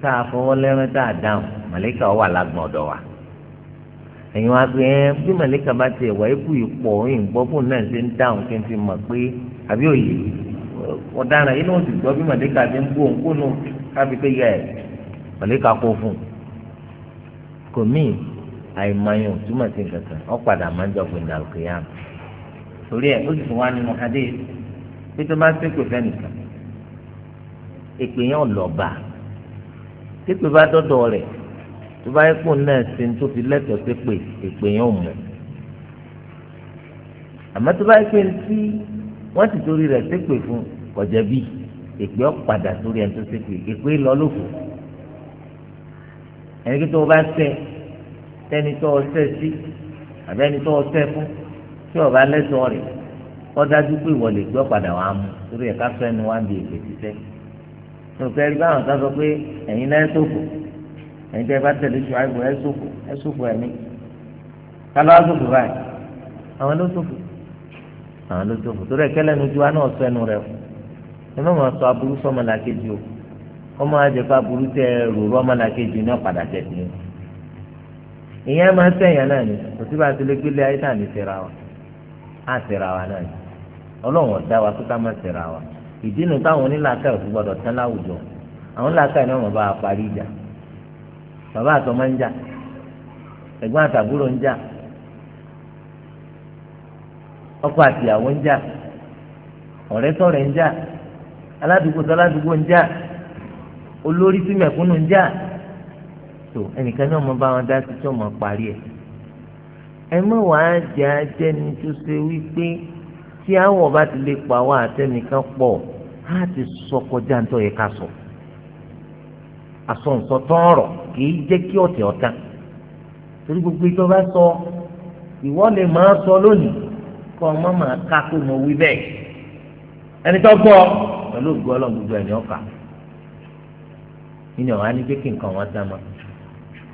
tá a fọwọ́ lẹ́rìn tá a dáhùn màlẹ́kà wà lágbọ̀n ọ̀dọ̀ wa ẹ̀yin wá pé ẹ́ bí màlẹ́kà bá tiẹ̀ wá ikú yìí pọ̀ òyìn gbọ́ fún náà ṣe ń dáhùn kí n fi mọ̀ pé àbí òye ọ̀daràn yìí náà ti gbọ́ bí màlẹ́kà ti ń bú òun kó nù káfí pé yẹ ẹ̀ kó fún un kò míì àìmọ̀yàn túmọ̀ sí nǹkan ọ̀ padà máa ń jọ pé nàlùkìyàm torí tẹ́pẹ́ bá dọ́dọ̀ rẹ̀ tó bá yẹ kó náà ṣe ní tó fi lẹ́tọ̀ọ́ sí pé èpè yẹn ò mọ̀ àmọ́ tó bá yẹ pé tí wọ́n ti torí rẹ̀ ṣépè fún kọjá bí èpè ọ̀padà sórí ẹni tó ṣépè èpè lọ lófo ẹni kí tó bá ṣẹ tẹni tó ọṣẹ sí àbí ẹni tó ọṣẹ fún tí ọba lẹ́sọ̀ọ́ rẹ̀ kọ́ dájú pé ìwọ lè gbé ọ̀padà wàá mú torí ẹ̀ká fẹ́nu wá ń èpè ti sẹ́yìn tòkẹ́ rí báwọn kan sọ pé ẹ̀yin náà ẹ sòfò ẹ̀yin tẹ́ ẹ bá tẹ̀lé ṣù àìbò ẹ sòfò ẹ sòfò ẹ̀mí kálọ́ á sòfò báyìí àwọn ló sòfò àwọn ló sòfò torí ẹ̀kẹ́ lẹ́nu ju wa náà sọ ẹnu rẹ̀ fún ẹ má máa sọ aburú sọmọ làkejì o ọmọ àjẹpá aburú tẹ rò rọ ọmọ làkejì náà padà tẹ̀ sí i ìyẹn máa ń náà ni òsì bá ti gbélé ayé náà ní sẹ̀ra wa á sẹ̀ra wa náà ni ọlọ́run ìdínú táwọn onílàákà ò fi gbọdọ̀ tán láwùjọ àwọn onílàákà náà mọ̀ bá a parí ìjà bàbá àtọmọ ń jà ẹ̀gbọ́n àtàbúrò ń jà ọkọ àtìyàwó ń jà ọ̀rẹ́ sọ̀rẹ́ ń jà aládùúgbò sọ̀ládùúgbò ń jà olórí sí mẹ̀kúnnù ń jà tó ẹnìkan náà mọ bá wọn dá sí tí wọn parí ẹ ẹ mọ wàá jẹ ajẹni tó ṣe wípé tí àwọn bá ti lè pa àwọn àtẹnìkan pọ̀ á ti sọ kọjá nítorí yẹ ká sọ àsọǹsọ tọrọ kì í jẹ́ kí ọ̀tẹ̀ ọ̀tá torí gbogbo ìjọba sọ ìwọ lè máa sọ lónìí kọ́ ọmọ máa ká kó mo wí bẹ́ẹ̀ ẹni tó gbọ́ pẹ̀lú ògbó ọlọ́run gbogbo ẹni ọkà nínú àwọn anijẹ́ kí nǹkan wọn dá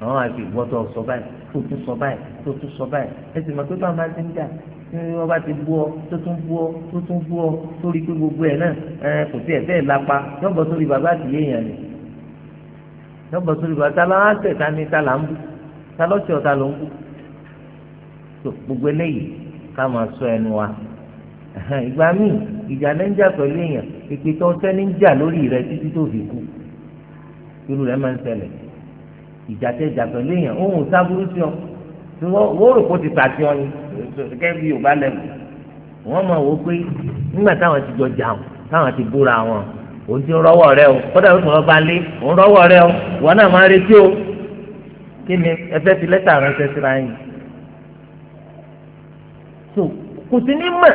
àwọn àti ìwọ́tọ̀ sọ báyìí tó tún sọ báyìí tó tún sọ báyìí ẹ sì mọ̀ máa ti ń dà tí wọ́n bá ti bú ọ tó tún bú ọ tó tún bú ọ sórí pé gbogbo ẹ̀ náà kò sí ẹ̀ bẹ́ẹ̀ lápá sórí bàbá àtìyé èèyàn ni yọ̀bọ̀ sórí bàbá tá láwọn àtẹ̀ ta ni ta là ń bú ta lọ́sẹ̀ ọ̀ta ló ń bú gbogbo eléyìí ká máa sọ ẹnu wa ìgbà míì ìjà ní ń jà pẹ̀lú èèyàn ìpè tó ọtẹ́ ní ń jà lórí rẹ títí tó fi kú irú rẹ máa ń ṣẹlẹ̀ ìjà tẹ́ jà pẹ̀lú èèyàn òun ò sábúrú sí ọ wọ́n rò pé ó ti sàfihàn ni gẹ́gẹ́ bí yorùbá lẹ́nu wọ́n mọ̀ wọ́n pé nígbà táwọn ti jọ jà táwọn ti búra wọn òun ti rọ́wọ́ rẹ o kódà ó tún lọ bá lé òun rọ́wọ́ rẹ o wọn náà máa retí o kí ni ẹ fẹ́ lẹ́tà ránṣẹ́ síra yín so kò sí ní mọ̀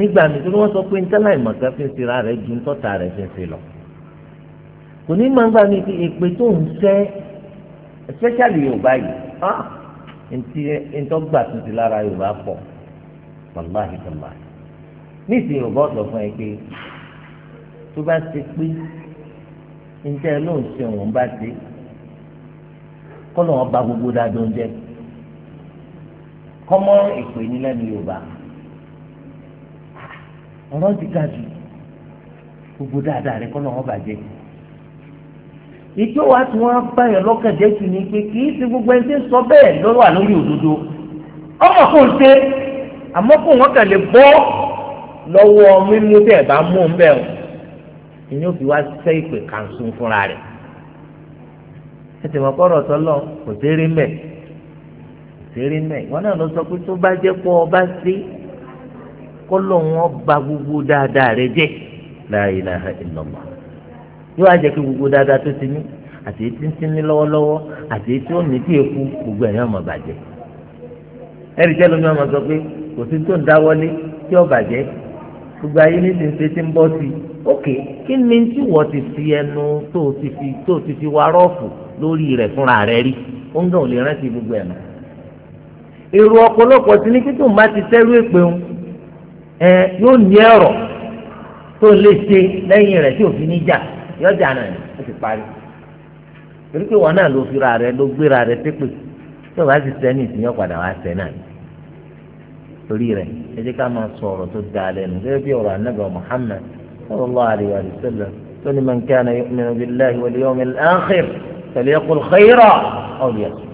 nígbà mi torí wọ́n sọ pé ntẹ́lá ìmọ̀ká fi ń sira ju ntọ́ta rẹ̀ fi ń lọ. kò ní mọ̀ nígbà mi pé èpè tó ń sẹ́ especially yorùbá yìí ah! ntọ́gbà tuntun lára yorùbá pọ̀ wàláhi wàláhi níìsín yorùbá ọ̀sọ̀ fún ẹ pé tó bá ṣe pé njẹ́ ló ń ṣe òun bá ṣe kọ́nà ọba gbogbo dáadọ́ jẹ́ kọ́mọ́ ìpè ní lẹ́nu yorùbá ọ̀rọ̀ ti gbogbo dáadáa rẹ kọ́nà ọba jẹ́ kí. ìjọ wa tí wọ́n bá yẹn lọ́kàn jẹ́ ní pé kì í gbogbo ẹni tí ń sọ bẹ́ẹ̀ ló wà lórí òdodo ọmọ kò ń ṣe àmọ́ kò wọ́n kàn lè lọ́wọ́ mímú tẹ̀ bá mú un o ìyẹn fi ṣe ìpè kàǹsùn fúnra rẹ. ẹ tẹ̀ kọ́rọ̀ sọ́lọ́ kò séré mẹ́ kò séré mẹ́ wọn náà lọ sọ pé tó bá jẹ́ pọ́ ọba ba gbogbo dáadáa rẹ jẹ́ yóò wá jẹ́ kí gbogbo dáadáa tó ti ní àti èyí tí ń ti ní lọ́wọ́lọ́wọ́ àti èyí tí ní tí èkú gbogbo ẹ̀yàn ọmọ bàjẹ́ ẹ̀rí tẹ́lẹ̀ mi ọmọ sọ pé kò sí tó ń dáwọ́lé tí ó bàjẹ́ gbogbo ayé ní ti ń ṣe ti ń bọ́ sí i ókè kí ni tí wọ́n ti fi ẹnu tó ti fi tó ti fi wá rọ́ọ̀fù lórí rẹ̀ fúnra rẹ̀ rí ó ń dàn ò lè rántí gbogbo ẹ̀ mọ́ èrò ọ̀pọ̀lọpọ̀ ti ní títún bá ti tẹ́rù èpè ń ẹ yóò ní ẹ̀rọ tó lè ṣe lẹ́yìn rẹ̀ tí òfin ní jà yọjà náà ni ó ti parí torí pé wọn náà ló fira rẹ ló gbéra rẹ pépè tó bá ti sẹ́ni ìsìnyọ́ padà wá sẹ́ náà torí rẹ ẹ jẹ́ ká máa sọ ọ̀rọ̀ tó dáa lẹ́nu gẹ́gẹ́ bí ọ̀rọ̀ anábẹ́ Muhammad sallallahu alayhi wa sallam tó ní man kana yu'minu billahi wal yawmil akhir falyaqul khayran aw liyasmut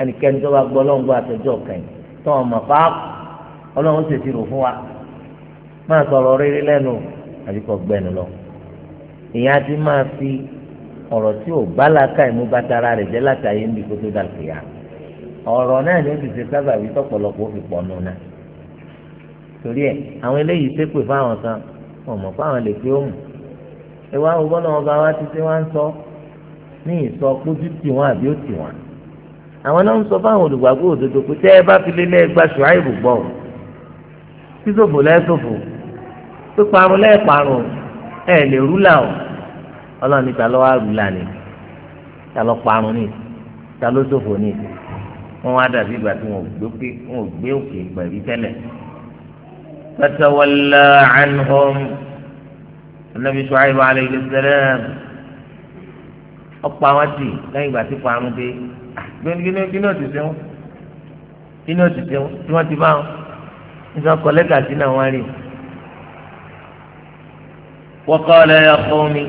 ẹnikẹ́ni tó bá gbọ́ ọlọ́run gbọ́ ìyẹn ti máa fi ọ̀rọ̀ tí ò bá làákà ìmú rẹ̀ jẹ́ látàyè níbi kó tó dà kìá ọ̀rọ̀ náà ni ó ti ṣe sábà wí tọ́pọ̀lọpọ̀ fi pọ̀ nù náà torí ẹ̀ àwọn eléyìí ṣépè fáwọn kan wọn mọ̀ fáwọn lè fi ó mù ẹ wá wo bọ́lá ọba wa ti ṣe wá ń sọ ní ìsọ kójú tì wọn àbí ó tì wọn àwọn náà ń sọ fáwọn olùgbàgbọ́ òdodo pé tẹ́ ẹ bá fi lé lẹ́ẹ̀gbà àìbùgbọ́ sísòfò lẹ́ẹ̀sòfò píparun lẹ́ẹ̀parun ẹ lè rúlà o ọlọ́run níta lọ́wọ́ rúlà ni ta ló parun ni ta ló ṣòfò ni wọn wá dàbí ìgbà tí wọn ò gbé wọn ò gbé òkè pẹ̀lú tẹ́lẹ̀ fatawalla anhum anabi Shu'aib alayhi salam ọ̀pọ̀ àwọn tì lẹ́yìn ìgbà tí parun dé kí ni ó ti sẹ́wọ́n kí ni ó ti sẹ́wọ́n tí wọ́n ti bá wọn nígbà kọ́lẹ́kà sí náà wọ́n وقال يا قوم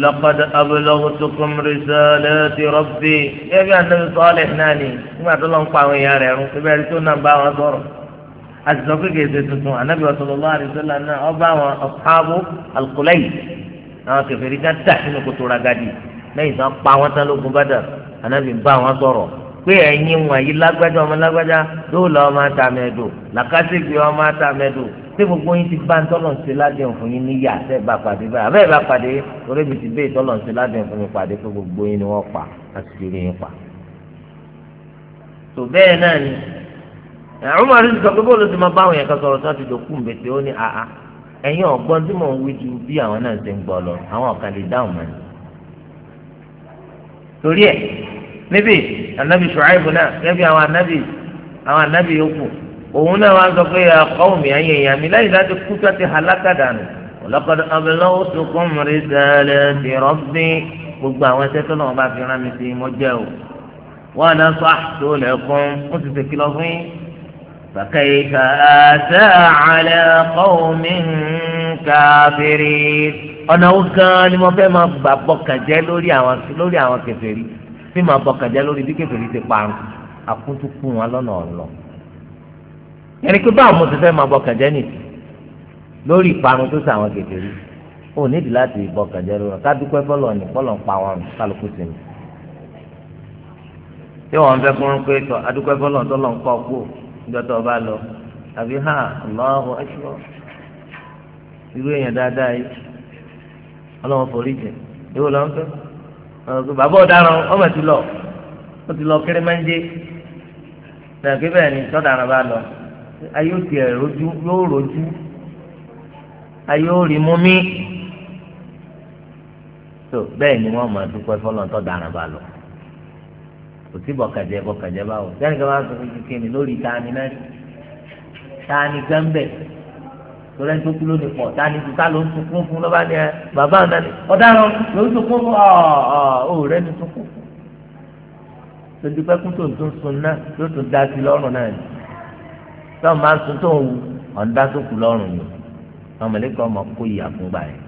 لقد أبلغتكم رسالات ربي يا بي النبي صالح ناني ما تلون قاوي يا ريرو تبعتونا باوا صور أتذكر كيف تتنسوا النبي صلى الله عليه وسلم أباوا أصحاب القليل àwọn kẹfẹ́rí ká dà sínú kòtò ragadi lẹ́yìn tó ń pa wọn pé ẹ̀yin wọ̀nyí lágbájá ọmọ lágbájá dóòlà ọmọ àtàmẹ̀dò làkàtìgbè ọmọ àtàmẹ̀dò pé gbogbo yín ti bá tọ́lọ̀ ń ṣe ládùn fún yín níyà tẹ́ bá pàdé báyìí abẹ́ẹ̀ bá pàdé orí mi ti bẹ́ẹ̀ tọ́lọ̀ ń ṣe ládùn fún mi pàdé pé gbogbo yín ni wọ́n pa àṣírí yín pa. tó bẹ́ẹ̀ náà ni àwọn àrùn ti sọ pé bóòlù ti máa bá àwọn yẹn kan sọ̀rọ̀ tí wọ́n ti dòkú mbètè ó ní àá ẹ̀yin ọ̀gbọ́n tí mò ń wí ju bí àwọn náà ṣe ń gbọ́ lọ àwọn ọ̀kan lè dáhùn mọ́ni. torí ẹ̀ níbí anabi shuaibu náà gẹ́gẹ́ bí àwọn anabi àwọn anabi yòókù òun náà wàá sọ pé ya qawmi ayé èèyàn mi láyìí láti kú tó ti halaka dànù laqad ablawtukum risalati rabbi gbogbo àwọn ẹsẹ tó náà wọn bá fi rán mi sí mo jẹ o wa nasahtu lakum ó ti sèkí fún yín فكيف آسى على قوم كافرين ọ̀nà wo gan ni mo fẹ́ máa gbà bọ́kàn lórí àwọn lórí àwọn tí màá bọkànjẹ́ lórí bí kèfèrí ti parun àkútú kún wọn lọ́nà ọ̀lọ́ ẹni pé báwo mo ti fẹ́ máa bọkànjẹ́ nìtì lórí ìparun tó sàwọn kèfèrí ó nídìí láti bọkànjẹ́ lórí ká dúpẹ́ fọlọ́ ní fọlọ́ ń pa wọn kálukú sí mi tí wọn fẹ́ fún un pé tọ adúpẹ́ fọlọ́ tó lọ ń kọ́ kú ìjọ́tọ̀ ọba lọ àbí ha Allahu akbar irú èèyàn dáadáa yìí ọlọ́run forí jẹ ìwọ lọ́n fẹ́ bàbá ọ̀daràn ọmọ ti lọ ó ti lọ kéré máa ń dé nàìjíríà bẹ́ẹ̀ ni sọ́daràn bá lọ ayé ó tiẹ̀ rojú yóò rojú ayé ó rí mú mí tó bẹ́ẹ̀ ni wọ́n máa dúpẹ́ fọlọ́ntọ́ daràn bá lọ kò sí bọ̀kàjẹ́ bọ̀kàjẹ́ báwo sẹ́ni kan máa ń sọ fún kékeré lórí tani náà tani gánbẹ̀ torí ẹni tó kú lónìí pọ̀ tá ni ìdúkà ló ń sunkún fún lọ́ba ni ẹ bàbá ọ̀nà ni ọ̀daràn ló ń sunkún fún ọ̀ọ́ rẹ ni sunkún fún. lójú pé kú tó ń tún sun náà yóò tún da sí lọ́rùn náà ni táwọn máa ń sun tó ń wu ọ̀n dá sókù lọ́rùn ni àwọn ọmọ kó ìyà fún gbà yẹn.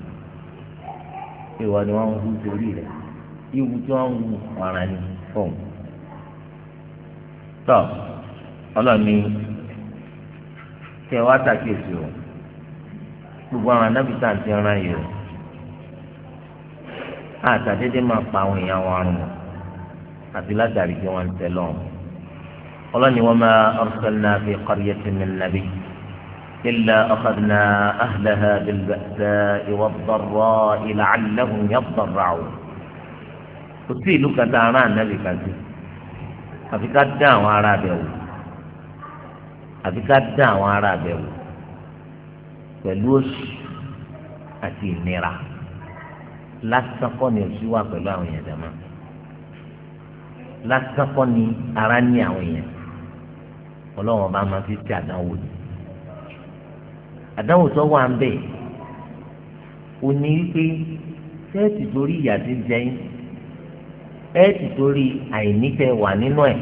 ìwọ ni wọ́n ń hu torí rẹ̀ ìwù tí wọ́n ń hu ọ̀ràn ni fún tọ́ ọlọ́ni gbogbo àwọn anábìtà ti ran yìí o àtàdédé máa pa àwọn èèyàn wọn rùn àti látàrí pé wọn ń tẹ lọ ọlọ́ni wọn máa arsalna fi qaryatin min nabi illa akhadna ahlaha bilba'sa'i wad-dharra'i la'allahum yadharra'un kò sí ìlú kata ara ànábì kan sí àfi ká dá àwọn ará bẹ̀ wò àfi ká dá àwọn ará bẹ̀ wò pẹ̀lú òṣì àti ìnira lásán kọ́ ni òṣì wà pẹ̀lú àwọn èèyàn dàmọ́ lásán kọ́ ni ara ní àwọn èèyàn ọlọ́wọ́n bá máa fi ti àdánwò ni àdánwò tó wà ń bẹ̀ ò ní pé sẹ́ẹ̀tì torí ìyà ti jẹ yín sẹ́ẹ̀tì torí àìnífẹ̀ẹ́ wà nínú ẹ̀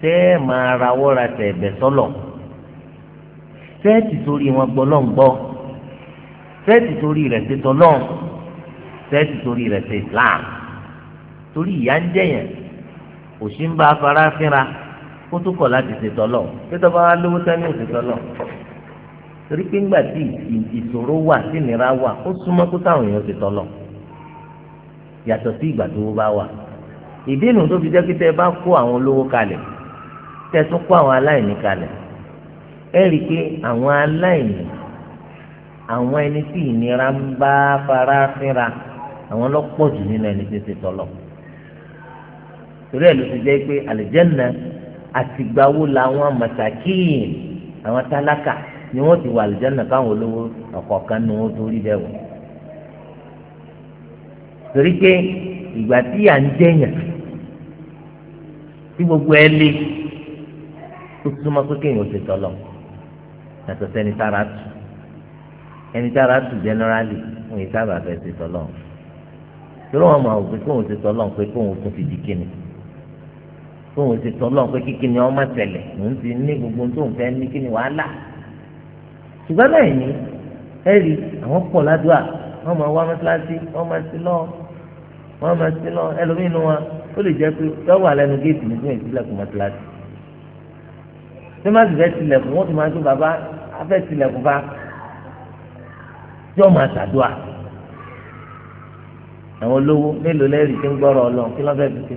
sẹ́ẹ̀ máa rawọ́ ra tẹ̀ ẹ̀bẹ̀ sọ́lọ̀. So sẹ́ẹ̀tì torí wọn gbọ́ lọ́n gbọ́ sẹ́ẹ̀tì torí rẹ̀ ṣe tọ́lọ́n sẹ́ẹ̀tì torí rẹ̀ ṣe Islam torí ìyá ń jẹ̀yàn òṣì ń bá afárá fínra kó tó kọ̀ láti ṣe tọ́lọ̀ pé tọ́ bá wá lówó sẹ́ni ò ṣe tọ́lọ̀ torí pé ńgbà tí ìṣòro wà sí ìnira wà ó súnmọ́ kó táwọn èèyàn ṣe tọ́lọ̀ yàtọ̀ sí ìgbà tó bá wà ìdí ìnù tó fi jẹ́ kí tẹ́ bá kó àwọn olówó kalẹ̀ tẹ́ tún kó àwọn aláìní kalẹ̀ ẹ rí i pé àwọn aláìní àwọn ẹni tí ìnira ń bá fara fínra àwọn lọ́pọ̀ jù nínú ẹni tí ń ṣe tọ́lọ̀ torí ẹ̀ ló ti jẹ́ pé àlìjẹ́nà àtìgbàwo làwọn màsàkíìn àwọn tálákà ni wọ́n ti wà àlìjẹ́nà káwọn olówó ọ̀kọ̀ọ̀kan ni wọ́n torí bẹ́ẹ̀ wọ̀ torí pé ìgbà tí à ń jẹyàn tí gbogbo ẹ lé ó túmọ̀ pé kéèyàn ò ṣe tọ́lọ̀ yàtọ̀ sẹ́ni tára tù ẹni tára tù jẹ́nẹ́rálì wọn yìí sábà fẹ́ ti sọ lọ́n torí wọn mọ àwọn pé kóun ti sọ lọ́n pé kóun tún fi di kíni kóun ti sọ lọ́n pé kíkíni ọmọ tẹ̀lẹ̀ òun ti ní gbogbo tóun fẹ́ ní kíni wàhálà ṣùgbọ́n bẹ́ẹ̀ ni ẹ rí àwọn pọ̀ ládùúgbà wọ́n máa wá mọ́sálásí wọ́n máa sí lọ́ wọ́n máa sí lọ́ ẹlòmínú wọn ó lè jẹ́ pé yọ̀wọ̀ alẹ́ nu géètì nígbà ìsílẹ̀kùn mọ́sálásí tí wọ́n ti fẹ́ tilẹ̀kùn wọ́n ti máa tún bàbá afẹ́ tilẹ̀kùn fa yóò máa ṣàdúà àwọn olówó mélòó lẹ́rìí tí ń gbọ́rọ̀ ọlọ́run kí lọ́fẹ́ fi ṣe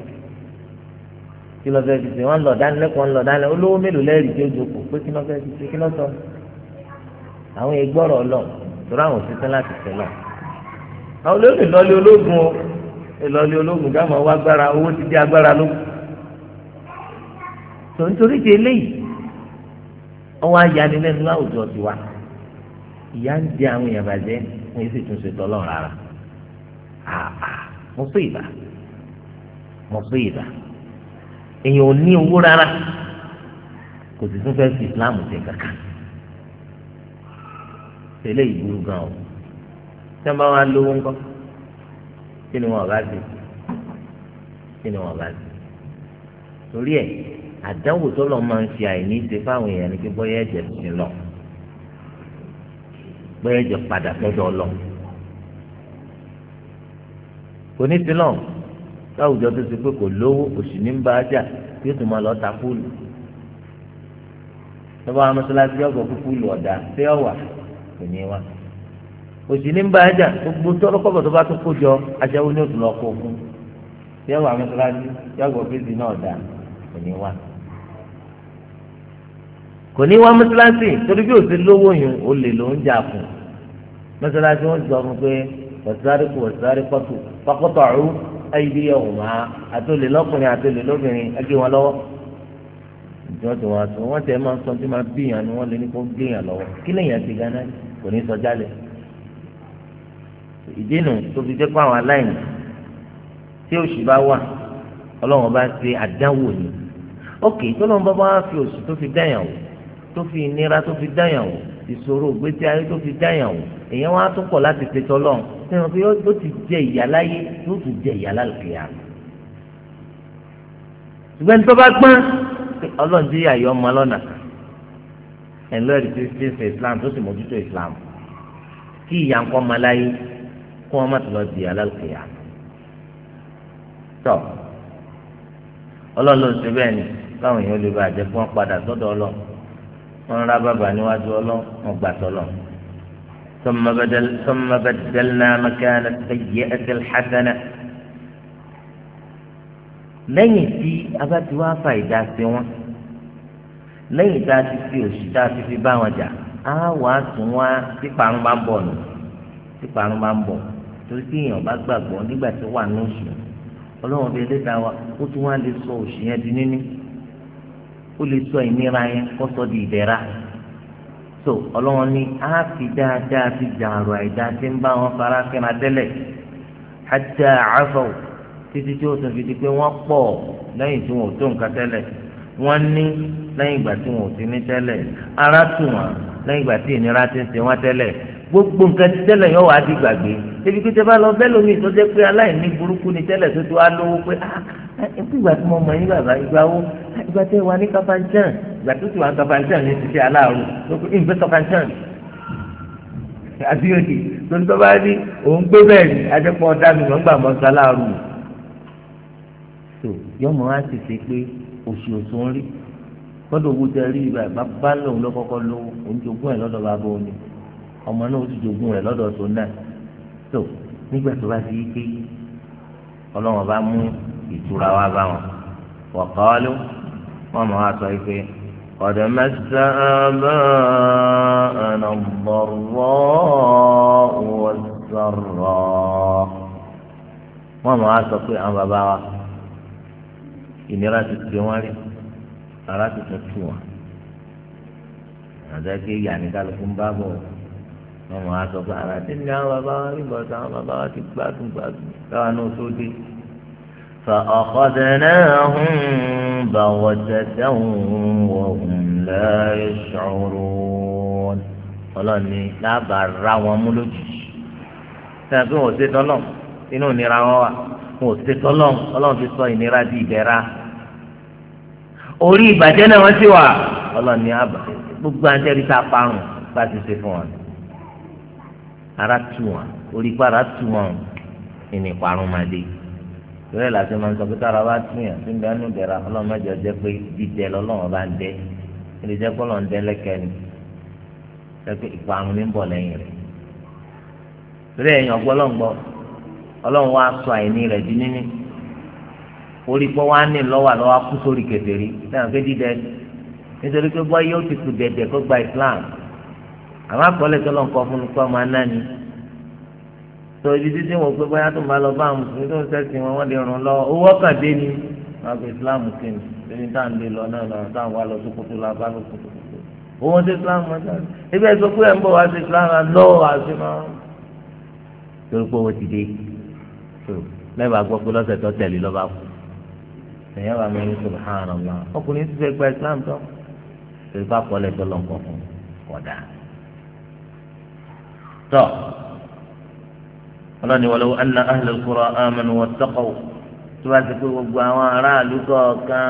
kí lọ́fẹ́ fi ṣe wọ́n lọ dánilẹ́kọ̀ọ́ ń lọ dánilẹ́kọ̀ọ́ olówó mélòó lẹ́rìí tí ó jókòó pé kí lọ́fẹ́ fi ṣe kí lọ́sọ àwọn ìgbọ́rọ̀ ọlọ́run torí àwọn òṣìṣẹ́ láti tẹ̀lọ̀ àwọn olóògùn ìlọlé ológun o ìlọlé ológun dáhùn wá agbára owó ti dé agbára lókun tòun torí ti eléyìí ọwọ́ ayanilẹ́nu láwùjọ ti wa ìyá ń di àwọn èèyàn bàjẹ́ wọ́n yìí sì tún ṣe tọ́lọ́ rárá àà mo pé ìbà mo pé ìbà èèyàn ò ní owó rárá kò sì tún fẹ́ẹ́ fi Islam ṣe kankan tẹ́lẹ̀ ìgboro gan o tẹ́ bá wa lówó ńkọ́ kí ni wọ́n bá ti kí ni wọ́n bá ti torí ẹ̀ àdánwò tó lọ́ọ́ máa ń ṣe àìní ṣe fáwọn èèyàn ní pé bọ́yá ẹ̀jẹ̀ sí lọ bọ́yá ẹ̀jẹ̀ padà sọ́dọ̀ lọ. kò ní sí náà láwùjọ tó ti pé kò lówó òṣì ní ń bá a jà yóò tún máa lọ ta fúlù. lọ́wọ́ àwọn mọ́ṣáláṣí fúlù ọ̀dà ṣé ọ̀wà kò ní wá. òṣì ní ń bá a jà gbogbo tọ́lọ́kọ̀bọ̀ tó bá tó kó jọ aṣẹ́wó ní òtún lọ kó fún. ṣé ọ̀wà mọ́ṣáláṣí ọ̀gbọ̀n fúlù ọ̀dà kò ní wá kò ní wá mọ́sálásì torí bí òsì lówó yùn ó lè ló ń jà fún mọ́sálásì wọ́n sọ fún pé wọ́sáré kù wọ́sáré pọ́tù pọ́kọ́tọ̀ ọ̀rú ayíbi ọ̀hún máa àtòlè lọ́kùnrin àtòlè lóbìnrin ẹgbẹ́ wọn lọ́wọ́ ìjọ tó wá sọ wọ́n tẹ̀ máa sọ tí máa bí yàn ni wọ́n lè ní kó gbé yàn lọ́wọ́ kí lè yàn ti gánà kò ní sọ jálẹ̀ ìdí tó fi jẹ́ àwọn aláìní tí òṣì bá wà ọlọ́run bá ṣe àdánwò ni ókè tó lọ́n bá bá fi òṣì tó fi dáyàn tó fi ìnira tó fi dáyàn wò ìṣòro ògbésí ayé tó fi dáyàn wò èèyàn wá tún pọ̀ láti ṣètò ọlọ́run sẹ́yìn pé ó ti jẹ ìyà láyé yóò tún jẹ ìyà lálùkìyà ṣùgbọ́n ní tó bá gbọ́n ọlọ́run ti yà yọ ọmọ lọ́nà ẹ̀ lọ́ọ̀rì tí ti ń Islam tó sì mójútó Islam kí ìyà ń kọ́ ọmọ láyé kó wọn má ti lọ di alálùkìyà tọ́ ọlọ́run ló ń ṣe bẹ́ẹ̀ ni káwọn èèyàn lè bá àjẹpọ́n padà sọ́dọ̀ ọlọ́run wọn ra bàbà níwájú ọlọ́run wọn gbà tọ́lọ̀ ثم بدلنا مكان السيئة الحسنة lẹ́yìn tí a bá ti wá fa ìdá sí wọn lẹ́yìn tá a ti fi òṣì tá a ti fi bá wọn jà á wàá tún wá tí parun bá ń bọ̀ nù tí parun bá ń bọ̀ torí kí èèyàn bá gbàgbọ́ nígbà tí wà ní oṣù ọlọ́run bíi ẹlẹ́ta wa ó tún wá lè sọ òṣì yẹn di níní ó lè sọ ìnira yẹn kó sọ di ìdẹ̀ra so ọlọ́wọ́n ní á fi dáadáa fi jàǹrò àìdá tí ń bá wọn fara kẹ́ra tẹ́lẹ̀ hatta afaw títí tí ó tún fi di pé wọ́n pọ̀ lẹ́yìn tí wọn ò tó nǹkan tẹ́lẹ̀ wọ́n ní lẹ́yìn ìgbà tí wọn ò ti ní tẹ́lẹ̀ ara tù wọ́n lẹ́yìn ìgbà tí ìnira ti ń ṣe wọ́n tẹ́lẹ̀ gbogbo nǹkan ti tẹ́lẹ̀ yóò wá di gbàgbé ebi pété bá lọ bẹ́ẹ̀ lómi ìtọ́jẹ́ pé aláìní burúkú ni tẹ́lẹ̀ tó tó á lówó pé ah ẹtí ìgbà tí mo mọ yín bàbá ìgbà wo ìgbà tí wà ní kapanjan ìgbà tó ti wà ní kapanjan ní títí aláàrú lóko ìgbẹ́ kapanjan àbíyèdè lórí tó bá ní òun gbé bẹ́ẹ̀ ni adẹ́pọ̀ ọ̀dà mi wọ́n gbà mọ́ sí aláàrú tó yọmọ wa ti ṣe pé oṣù oṣù ń rí gbọ́dọ̀ owó tẹ rí ibà bá bá lòun lọ kọ́kọ́ lówó jogún ẹ lọ́dọ̀ bàbá òun ni ọmọ náà ó sì jogún rẹ lọ́dọ̀ tó náà tó nígbà tó bá ti yí pé Ọlọ́run bá mú ìtura wa bá wọn wọ́kọ́ọ́lù wọ́n mọ̀ wá sọ pé ọ̀dọ̀ mẹ́sà bá ọ̀nà bọ̀rọ̀ wọ́n sọ̀rọ̀ wọ́n mọ̀ wá sọ pé àwọn bàbá wa ìnira ti tẹ wọn rí ara ti tẹ tù wọn àdáké yàní kálukú ń bá bọ̀ wọ́n mọ̀ wá sọ pé ara ti ní àwọn bàbá wa rí bọ̀ sí àwọn bàbá wa ti gbádùn gbádùn káwọn náà tó dé. فأخذناهم بغتة وهم لا يشعرون ọlọ́ni lábàá ra wọn mú lójijì sẹ́yìn pé wọ́n ṣe tọ́lọ̀ inú ìnira wọn wà wọ́n ṣe tọ́lọ̀ ọlọ́run ti sọ ìnira di ìdẹ̀ra orí ìbàjẹ́ náà wọ́n sì wà ọlọ́ni àbá gbogbo àjẹrí tá a parun bá ti ṣe fún wọn ara tù wọn orí pa ara tù wọn ìní parun máa dé ìrẹ́ làti máa ń sọ pé tára bá tìyàn tí ń bẹ ẹnu dẹ̀ra ọlọ́run mẹ́jọ jẹ́ pé dídẹ lọ́lọ́run bá ń dẹ ilé jẹ́ pé ọlọ́run dẹ lẹ́kẹ́ ni jẹ́ pé ìparun ní ń bọ̀ lẹ́yìn rẹ̀ torí ẹ̀yìn ọgbọ́lọ́ngbọ́ ọlọ́run wá sọ àìní rẹ̀ di níní orí pọ́ wá ní lọ́wọ́ lọ́wọ́ kú sórí kẹfẹ́rí lẹ́yìn pé dídẹ nítorí pé bọ́ yóò ti kù dẹ̀dẹ̀ kó gba ìsìláàmù àwọn ni tó ibi títí wọn pé bóyá tó máa lọ bá àwọn mùsùlùmí tó ń sẹ́sìn wọn wọ́n lè ràn lọ owó ọ̀kàdé ni wọn pe islam kì ní lórí tá à ń lè lọ náà lọ tá à ń wá lọ sókòtò la bá lọ sókòtò owó tó islam wọn sáré ibi ẹ̀ sọ pé ẹ̀ ń bọ̀ wá sí islam lọ́wọ́ àti máa torí pé owó ti dé lẹ́bàá gbọ́ pé lọ́sẹ̀ tó tẹ̀lé lọ́ba kú ẹ̀yẹ́ wa mẹ́rin subhanallah ọkùnrin ti fẹ́ gba islam tó torí pé akọ́lẹ̀ tó lọ́nkọ̀ fún kọ̀dà ọlọ́ni walau anna ahlal qura amanu wattaqaw tó bá ti pé gbogbo àwọn aráàlú kọ̀ọ̀kan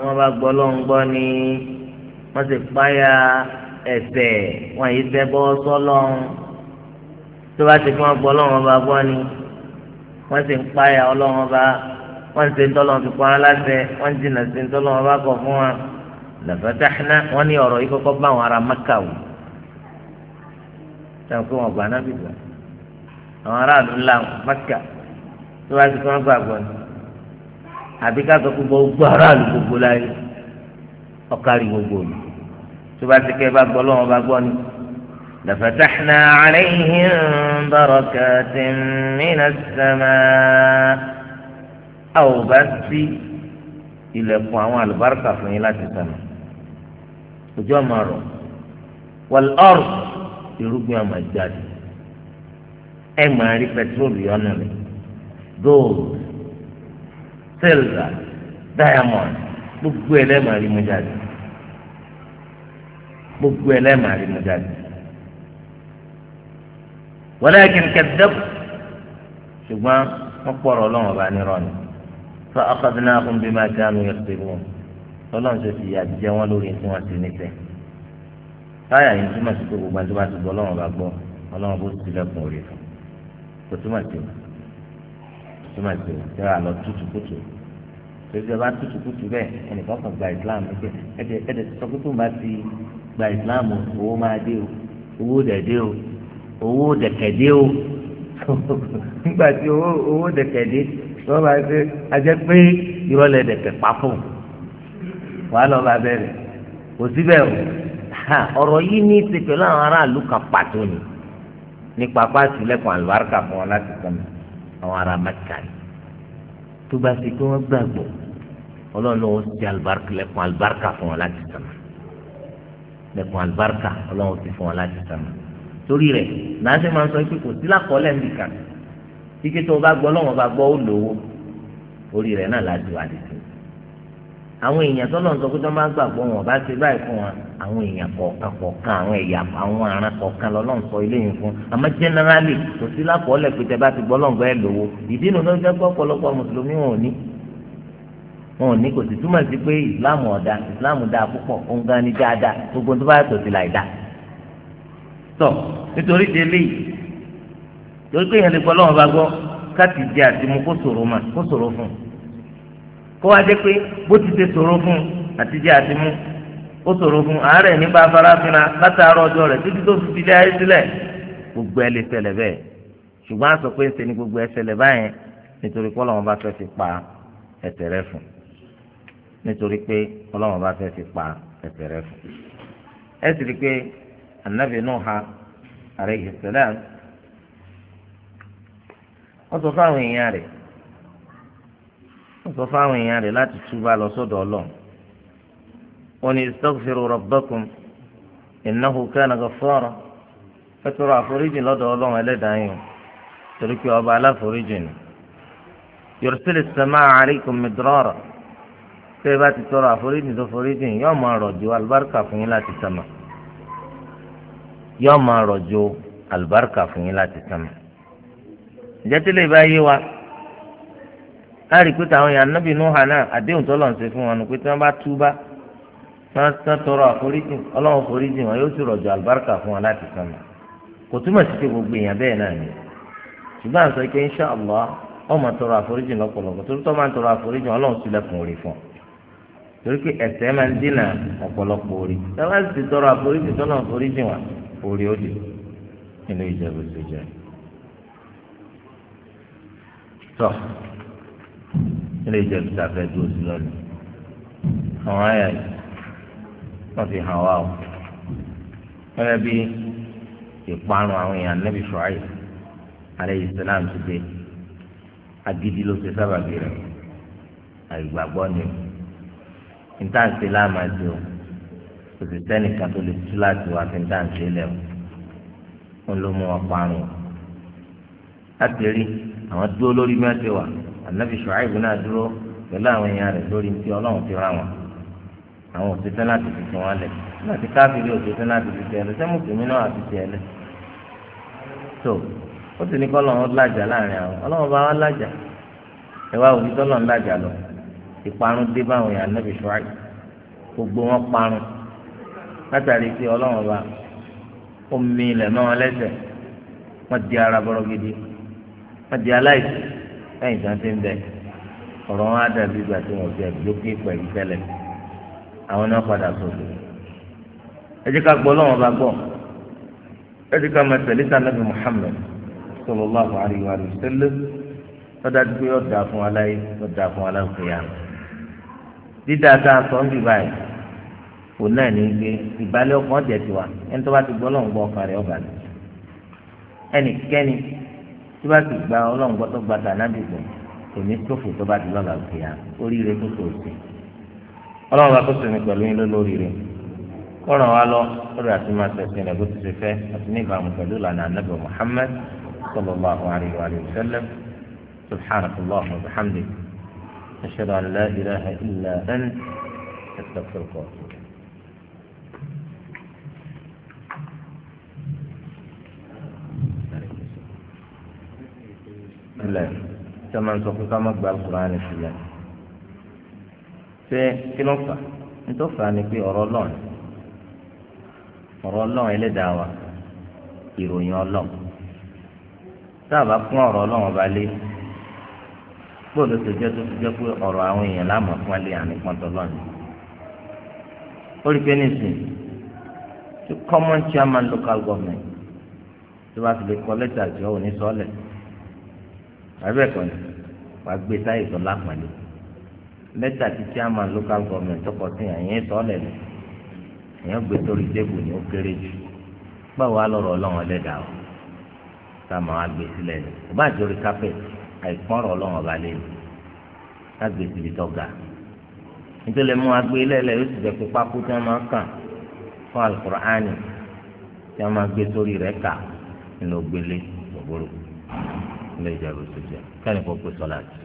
wọ́n bá gbọ́ ló ń gbọ́ ni wọ́n sì páyà ẹ̀ṣẹ̀ wọn yìí fẹ́ bọ́ sọ́lọ́run tó bá ti pé wọ́n gbọ́ lọ́wọ́n bá gbọ́ ni wọ́n sì páyà ọlọ́wọ́n bá wọ́n ń ń tọ́lọ́ fi pa á wọ́n ń jìnnà sí ń tọ́lọ́wọ́n bá kọ̀ fún wa lafatahna wọ́n ní ọ̀rọ̀ yìí kọ́kọ́ bá àwọn ará Mákà wò táwọn pé wọ́n gbà náà bìbọn àwọn aráàlú ńlá mẹ́kà tó bá ti kọ́ wọn gbàgbọ́ ni àbí ká sọ pé gbogbo aráàlú gbogbo láyé ọ̀kárí gbogbo ni tó bá ti kẹ́ bá gbọ́ lọ́wọ́ bá gbọ́ ni. لفتحنا عليهم بركات من السماء أو بس ilẹ̀kùn àwọn àlùbáríkà fún yín láti sànà òjò ọmọ rọ ẹ máa rí pẹtrólù yọnu rẹ̀ gold silver diamond gbogbo ẹ lẹ́ẹ̀ máa rí mu jáde gbogbo ẹ lẹ́ẹ̀ máa rí mu jáde walakin kaddabu ṣùgbọ́n wọ́n pọ̀rọ̀ ọlọ́run ọba nírọ̀ ni fa akhadnahum bima kanu yaktubun ọlọ́run ṣe ti yà wọn lórí tí wọ́n ti nífẹ̀ẹ́ táyà yìí túmọ̀ sí pé gbogbo àti bá ti gbọ́ ọlọ́run ọba gbọ́ ọlọ́run bó tilẹ̀kùn òrìfọ́ kò túmọ̀ sí o túmọ̀ sí o tẹ́lá lọ tútù kùtù tẹ́lá bá tútù kùtù bẹ́ẹ̀ ẹnìkan kan gba islam ẹ̀jẹ̀ ẹ̀jẹ̀ sọ pé tó bá ti gba islam owó máa dé o owó dẹ̀ dé o owó dẹ̀kẹ̀ dé o nígbà tí owó dẹ̀kẹ̀ dé wọ́n bá ṣe ajẹ́ pé ìrọ̀lẹ́ dẹ̀kẹ̀ pa fún wàá lọ bá bẹ̀rẹ̀ kò síbẹ̀ o ọ̀rọ̀ yìí ní í pẹ̀lú àwọn aráàlú kan pàtó ni nípa pàṣẹ lẹ́kùn àlùbáríkà fún wọn láti pọ̀ mi àwọn ará mẹ́ta ni tó bá ṣe pé wọ́n gbàgbọ́ ọlọ́run ó ti àlùbáríkà lẹ́kùn àlùbáríkà fún wọn láti sàmà lẹ́kùn àlùbáríkà ọlọ́run ti fún wọn láti sàmà torí rẹ̀ nàásì máa ń sọ pé kò sí lákọọ́lẹ̀ nìkan kíkẹ́ tó o bá gbọ́ ọlọ́run bá gbọ́ ó lówó orí rẹ̀ náà láti wà lẹ́sìn àwọn èèyàn tọ́lọ̀ ń sọ pé tó máa ń gbàgbọ́ wọn bá ti báyìí fún wọn àwọn èèyàn kọ̀ọ̀kan kọ̀ọ̀kan àwọn ẹ̀yà àwọn aràn kọ̀ọ̀kan lọ́lọ́run sọ eléyìí fún àmọ́ jẹ́nẹ́rálì kò sí lákọọ́lẹ̀ pé tẹ bá ti gbọ́ lọ́ngbọ́ ẹ̀ lówó ìdí nu ló jẹ́ pé ọ̀pọ̀lọpọ̀ mùsùlùmí wọn ò ní wọn ò ní kò sì túmọ̀ sí pé ìsìláàmù ọ̀dà ìsìláàmù dáa púpọ̀ òun gan ni dáadáa gbogbo tó bá kó wá pé bó ti ṣe fún àtijọ́ àti mú ó ṣòro fún àárẹ̀ nígbà afárafínà látàárọ̀ ọjọ títí tó fi dé ayé gbogbo ẹ lè ṣẹlẹ̀ ṣùgbọ́n a sọ pé ń ṣe ni gbogbo ẹ ṣẹlẹ̀ báyẹn nítorí nítorí pé ọlọ́wọ́n bá fi pa fún ẹ sì pé anabi ha sọ èèyàn sọ fáwọn èèyàn rẹ̀ láti túbà lọ sọ́dọ̀ ọlọ́run wọn ni istaghfiru rabbakum innahu kana ghaffara ẹ tọrọ àforíjì lọ́dọ̀ ọlọ́run ẹlẹ́dàá yìí torí pé ọba aláforíjì ni yursilis samaa alaykum midrara tẹ́ ẹ bá ti tọrọ àforíjì tó foríjì yóò máa rọ̀jò alùbáríkà fún yín láti sánmà yóò máa rọ̀jò alùbáríkà fún yín láti sánmà ìjẹ́tìlẹ̀ ìbá yé wa. a rí i pé táwọn èèyàn nábì Nuha náà àdéhùn tó lọ́n ṣe fún wọn pé tí wọ́n bá túbá tán tọrọ àforíjì ọlọ́run foríjì wọn yóò sì rọ̀jò àlùbáríkà fún wọn láti sánmà kò túmọ̀ sí pé gbogbo èèyàn bẹ́ẹ̀ náà ni ṣùgbọ́n àǹsọ̀ insha Allah ọmọ tọrọ àforíjì lọ́pọ̀lọpọ̀ torí tó máa ń tọrọ àforíjì ọlọ́run sílẹ̀kùn fún torí pé máa ń ilé ìjẹ̀bù tá a fẹ́ dúró sí lọ́nà àwọn àyà yìí wọ́n fi hàn wá o wọ́n bí ìparun àwọn èèyàn nẹ́bí ṣùáyì alayhi salam ti dé agídí ló ṣe sábàbí rẹ̀ àìgbàgbọ́ ni ìtàǹsí láàmà jù o kò sì sẹ́nìkan tó lè tú láti wá fi ìtàǹsí lẹ̀ o wọ́n ló mú wọn parun láti rí àwọn dúró lórí mẹ́sẹ̀ anabi shuaib náà dúró pẹ̀lú àwọn èèyàn rẹ̀ lórí ti ọlọ́run ti ra wọn àwọn òṣìṣẹ́ láti fi tún wọn lẹ̀ nígbà tí káfíìrì òṣìṣẹ́ láti fi tẹ̀ lọ sẹ́mu tèmi náà àti tẹ̀ lẹ̀ tó ó sì ní kọ́ lọ́wọ́ lájà láàrin àwọn ọlọ́run bá wọn lájà ẹ wá òbí tọ́lọ̀ ń lájà lọ ìparun dé báwọn èèyàn anabi shuaib gbogbo wọn parun látàrí pé ọlọ́run bá omi ilẹ̀ mọ́ wọn lẹ́sẹ̀ wọ́n di ara bọ́rọ̀ gidi wọ́n di aláìsí. lẹ́yìn tán ti ń bẹ̀ ọ̀rọ̀ wọn á dàbí ìgbà tí wọ́n fi ẹ̀dókè pẹ̀lú tẹ́lẹ̀ àwọn náà padà sọ̀tò ẹ ká gbọ́ lọ́wọ́ bá gbọ́ ẹ ká máa tẹ̀lé sànàbì Muhammad sallallahu alayhi wa sallam lọ́dà da fún aláyé yọ fún aláǹkóyà dídá tá a sọ ń bì báyìí kò náà ní gbé ìbálẹ̀ ọkàn jẹ̀ tiwa ẹni tí bá ti gba ọlọ́run gbọ́ tó gba tànàbì gbọ́ kò ní sófò tó bá di lọ́la òkè ya oríire tó tó sí ọlọ́run bá tó sèmi pẹ̀lú yín lólóríire kọ́ràn wa lọ lórí àti máa tẹ̀sìn rẹ̀ bó ti ṣe fẹ́ àti ní ìbámu pẹ̀lú lànà anábì Muhammad sallallahu alayhi wa sallam subhanahu wa bihamdi ashhadu an sílẹ̀ tí wọ́n máa ń sọ pé ká má gba alukur'ani sílẹ̀ ṣé kí ló fà nítorí ni pé ọ̀rọ̀ Ọlọ́run ọ̀rọ̀ Ọlọ́run ẹlẹ́dàá wa ìròyìn Ọlọ́run tá a bá fún ọ̀rọ̀ Ọlọ́run ọba lé gbọ́dọ̀ tó jẹ́ tó fi jẹ́ pé ọ̀rọ̀ àwọn èèyàn láàmú fún ẹlẹ́ àmì pọ́ńtọ́ lọ́nà ó rí pé nísìnyí tí common chairman local government tó bá fi lè kọ́ lẹ́tà tí ó ní sọ́ọ̀lẹ̀. àbẹ̀kọ̀ ni wàá gbé táyì tó lápàlẹ́ lẹ́tà chairman local government tọkọ sí àyẹn sọ́ọ̀lẹ̀ lọ èèyàn gbé torí tébù ni ó kéré jù báwo á lọ́rọ̀ ọlọ́run ẹlẹ́dàá o a máa gbé sílẹ̀ ni kò bá jórí kápẹ́ẹ̀tì àìpọ́nrọ̀ ọlọ́run ọba lé ni ká gbé síbi tó nítorí mú agbé lẹ́lẹ̀ yóò sì jẹ́ pé pákó ilé ìjẹun tó jẹ kẹ́ni kò gbé sọ́láàtì.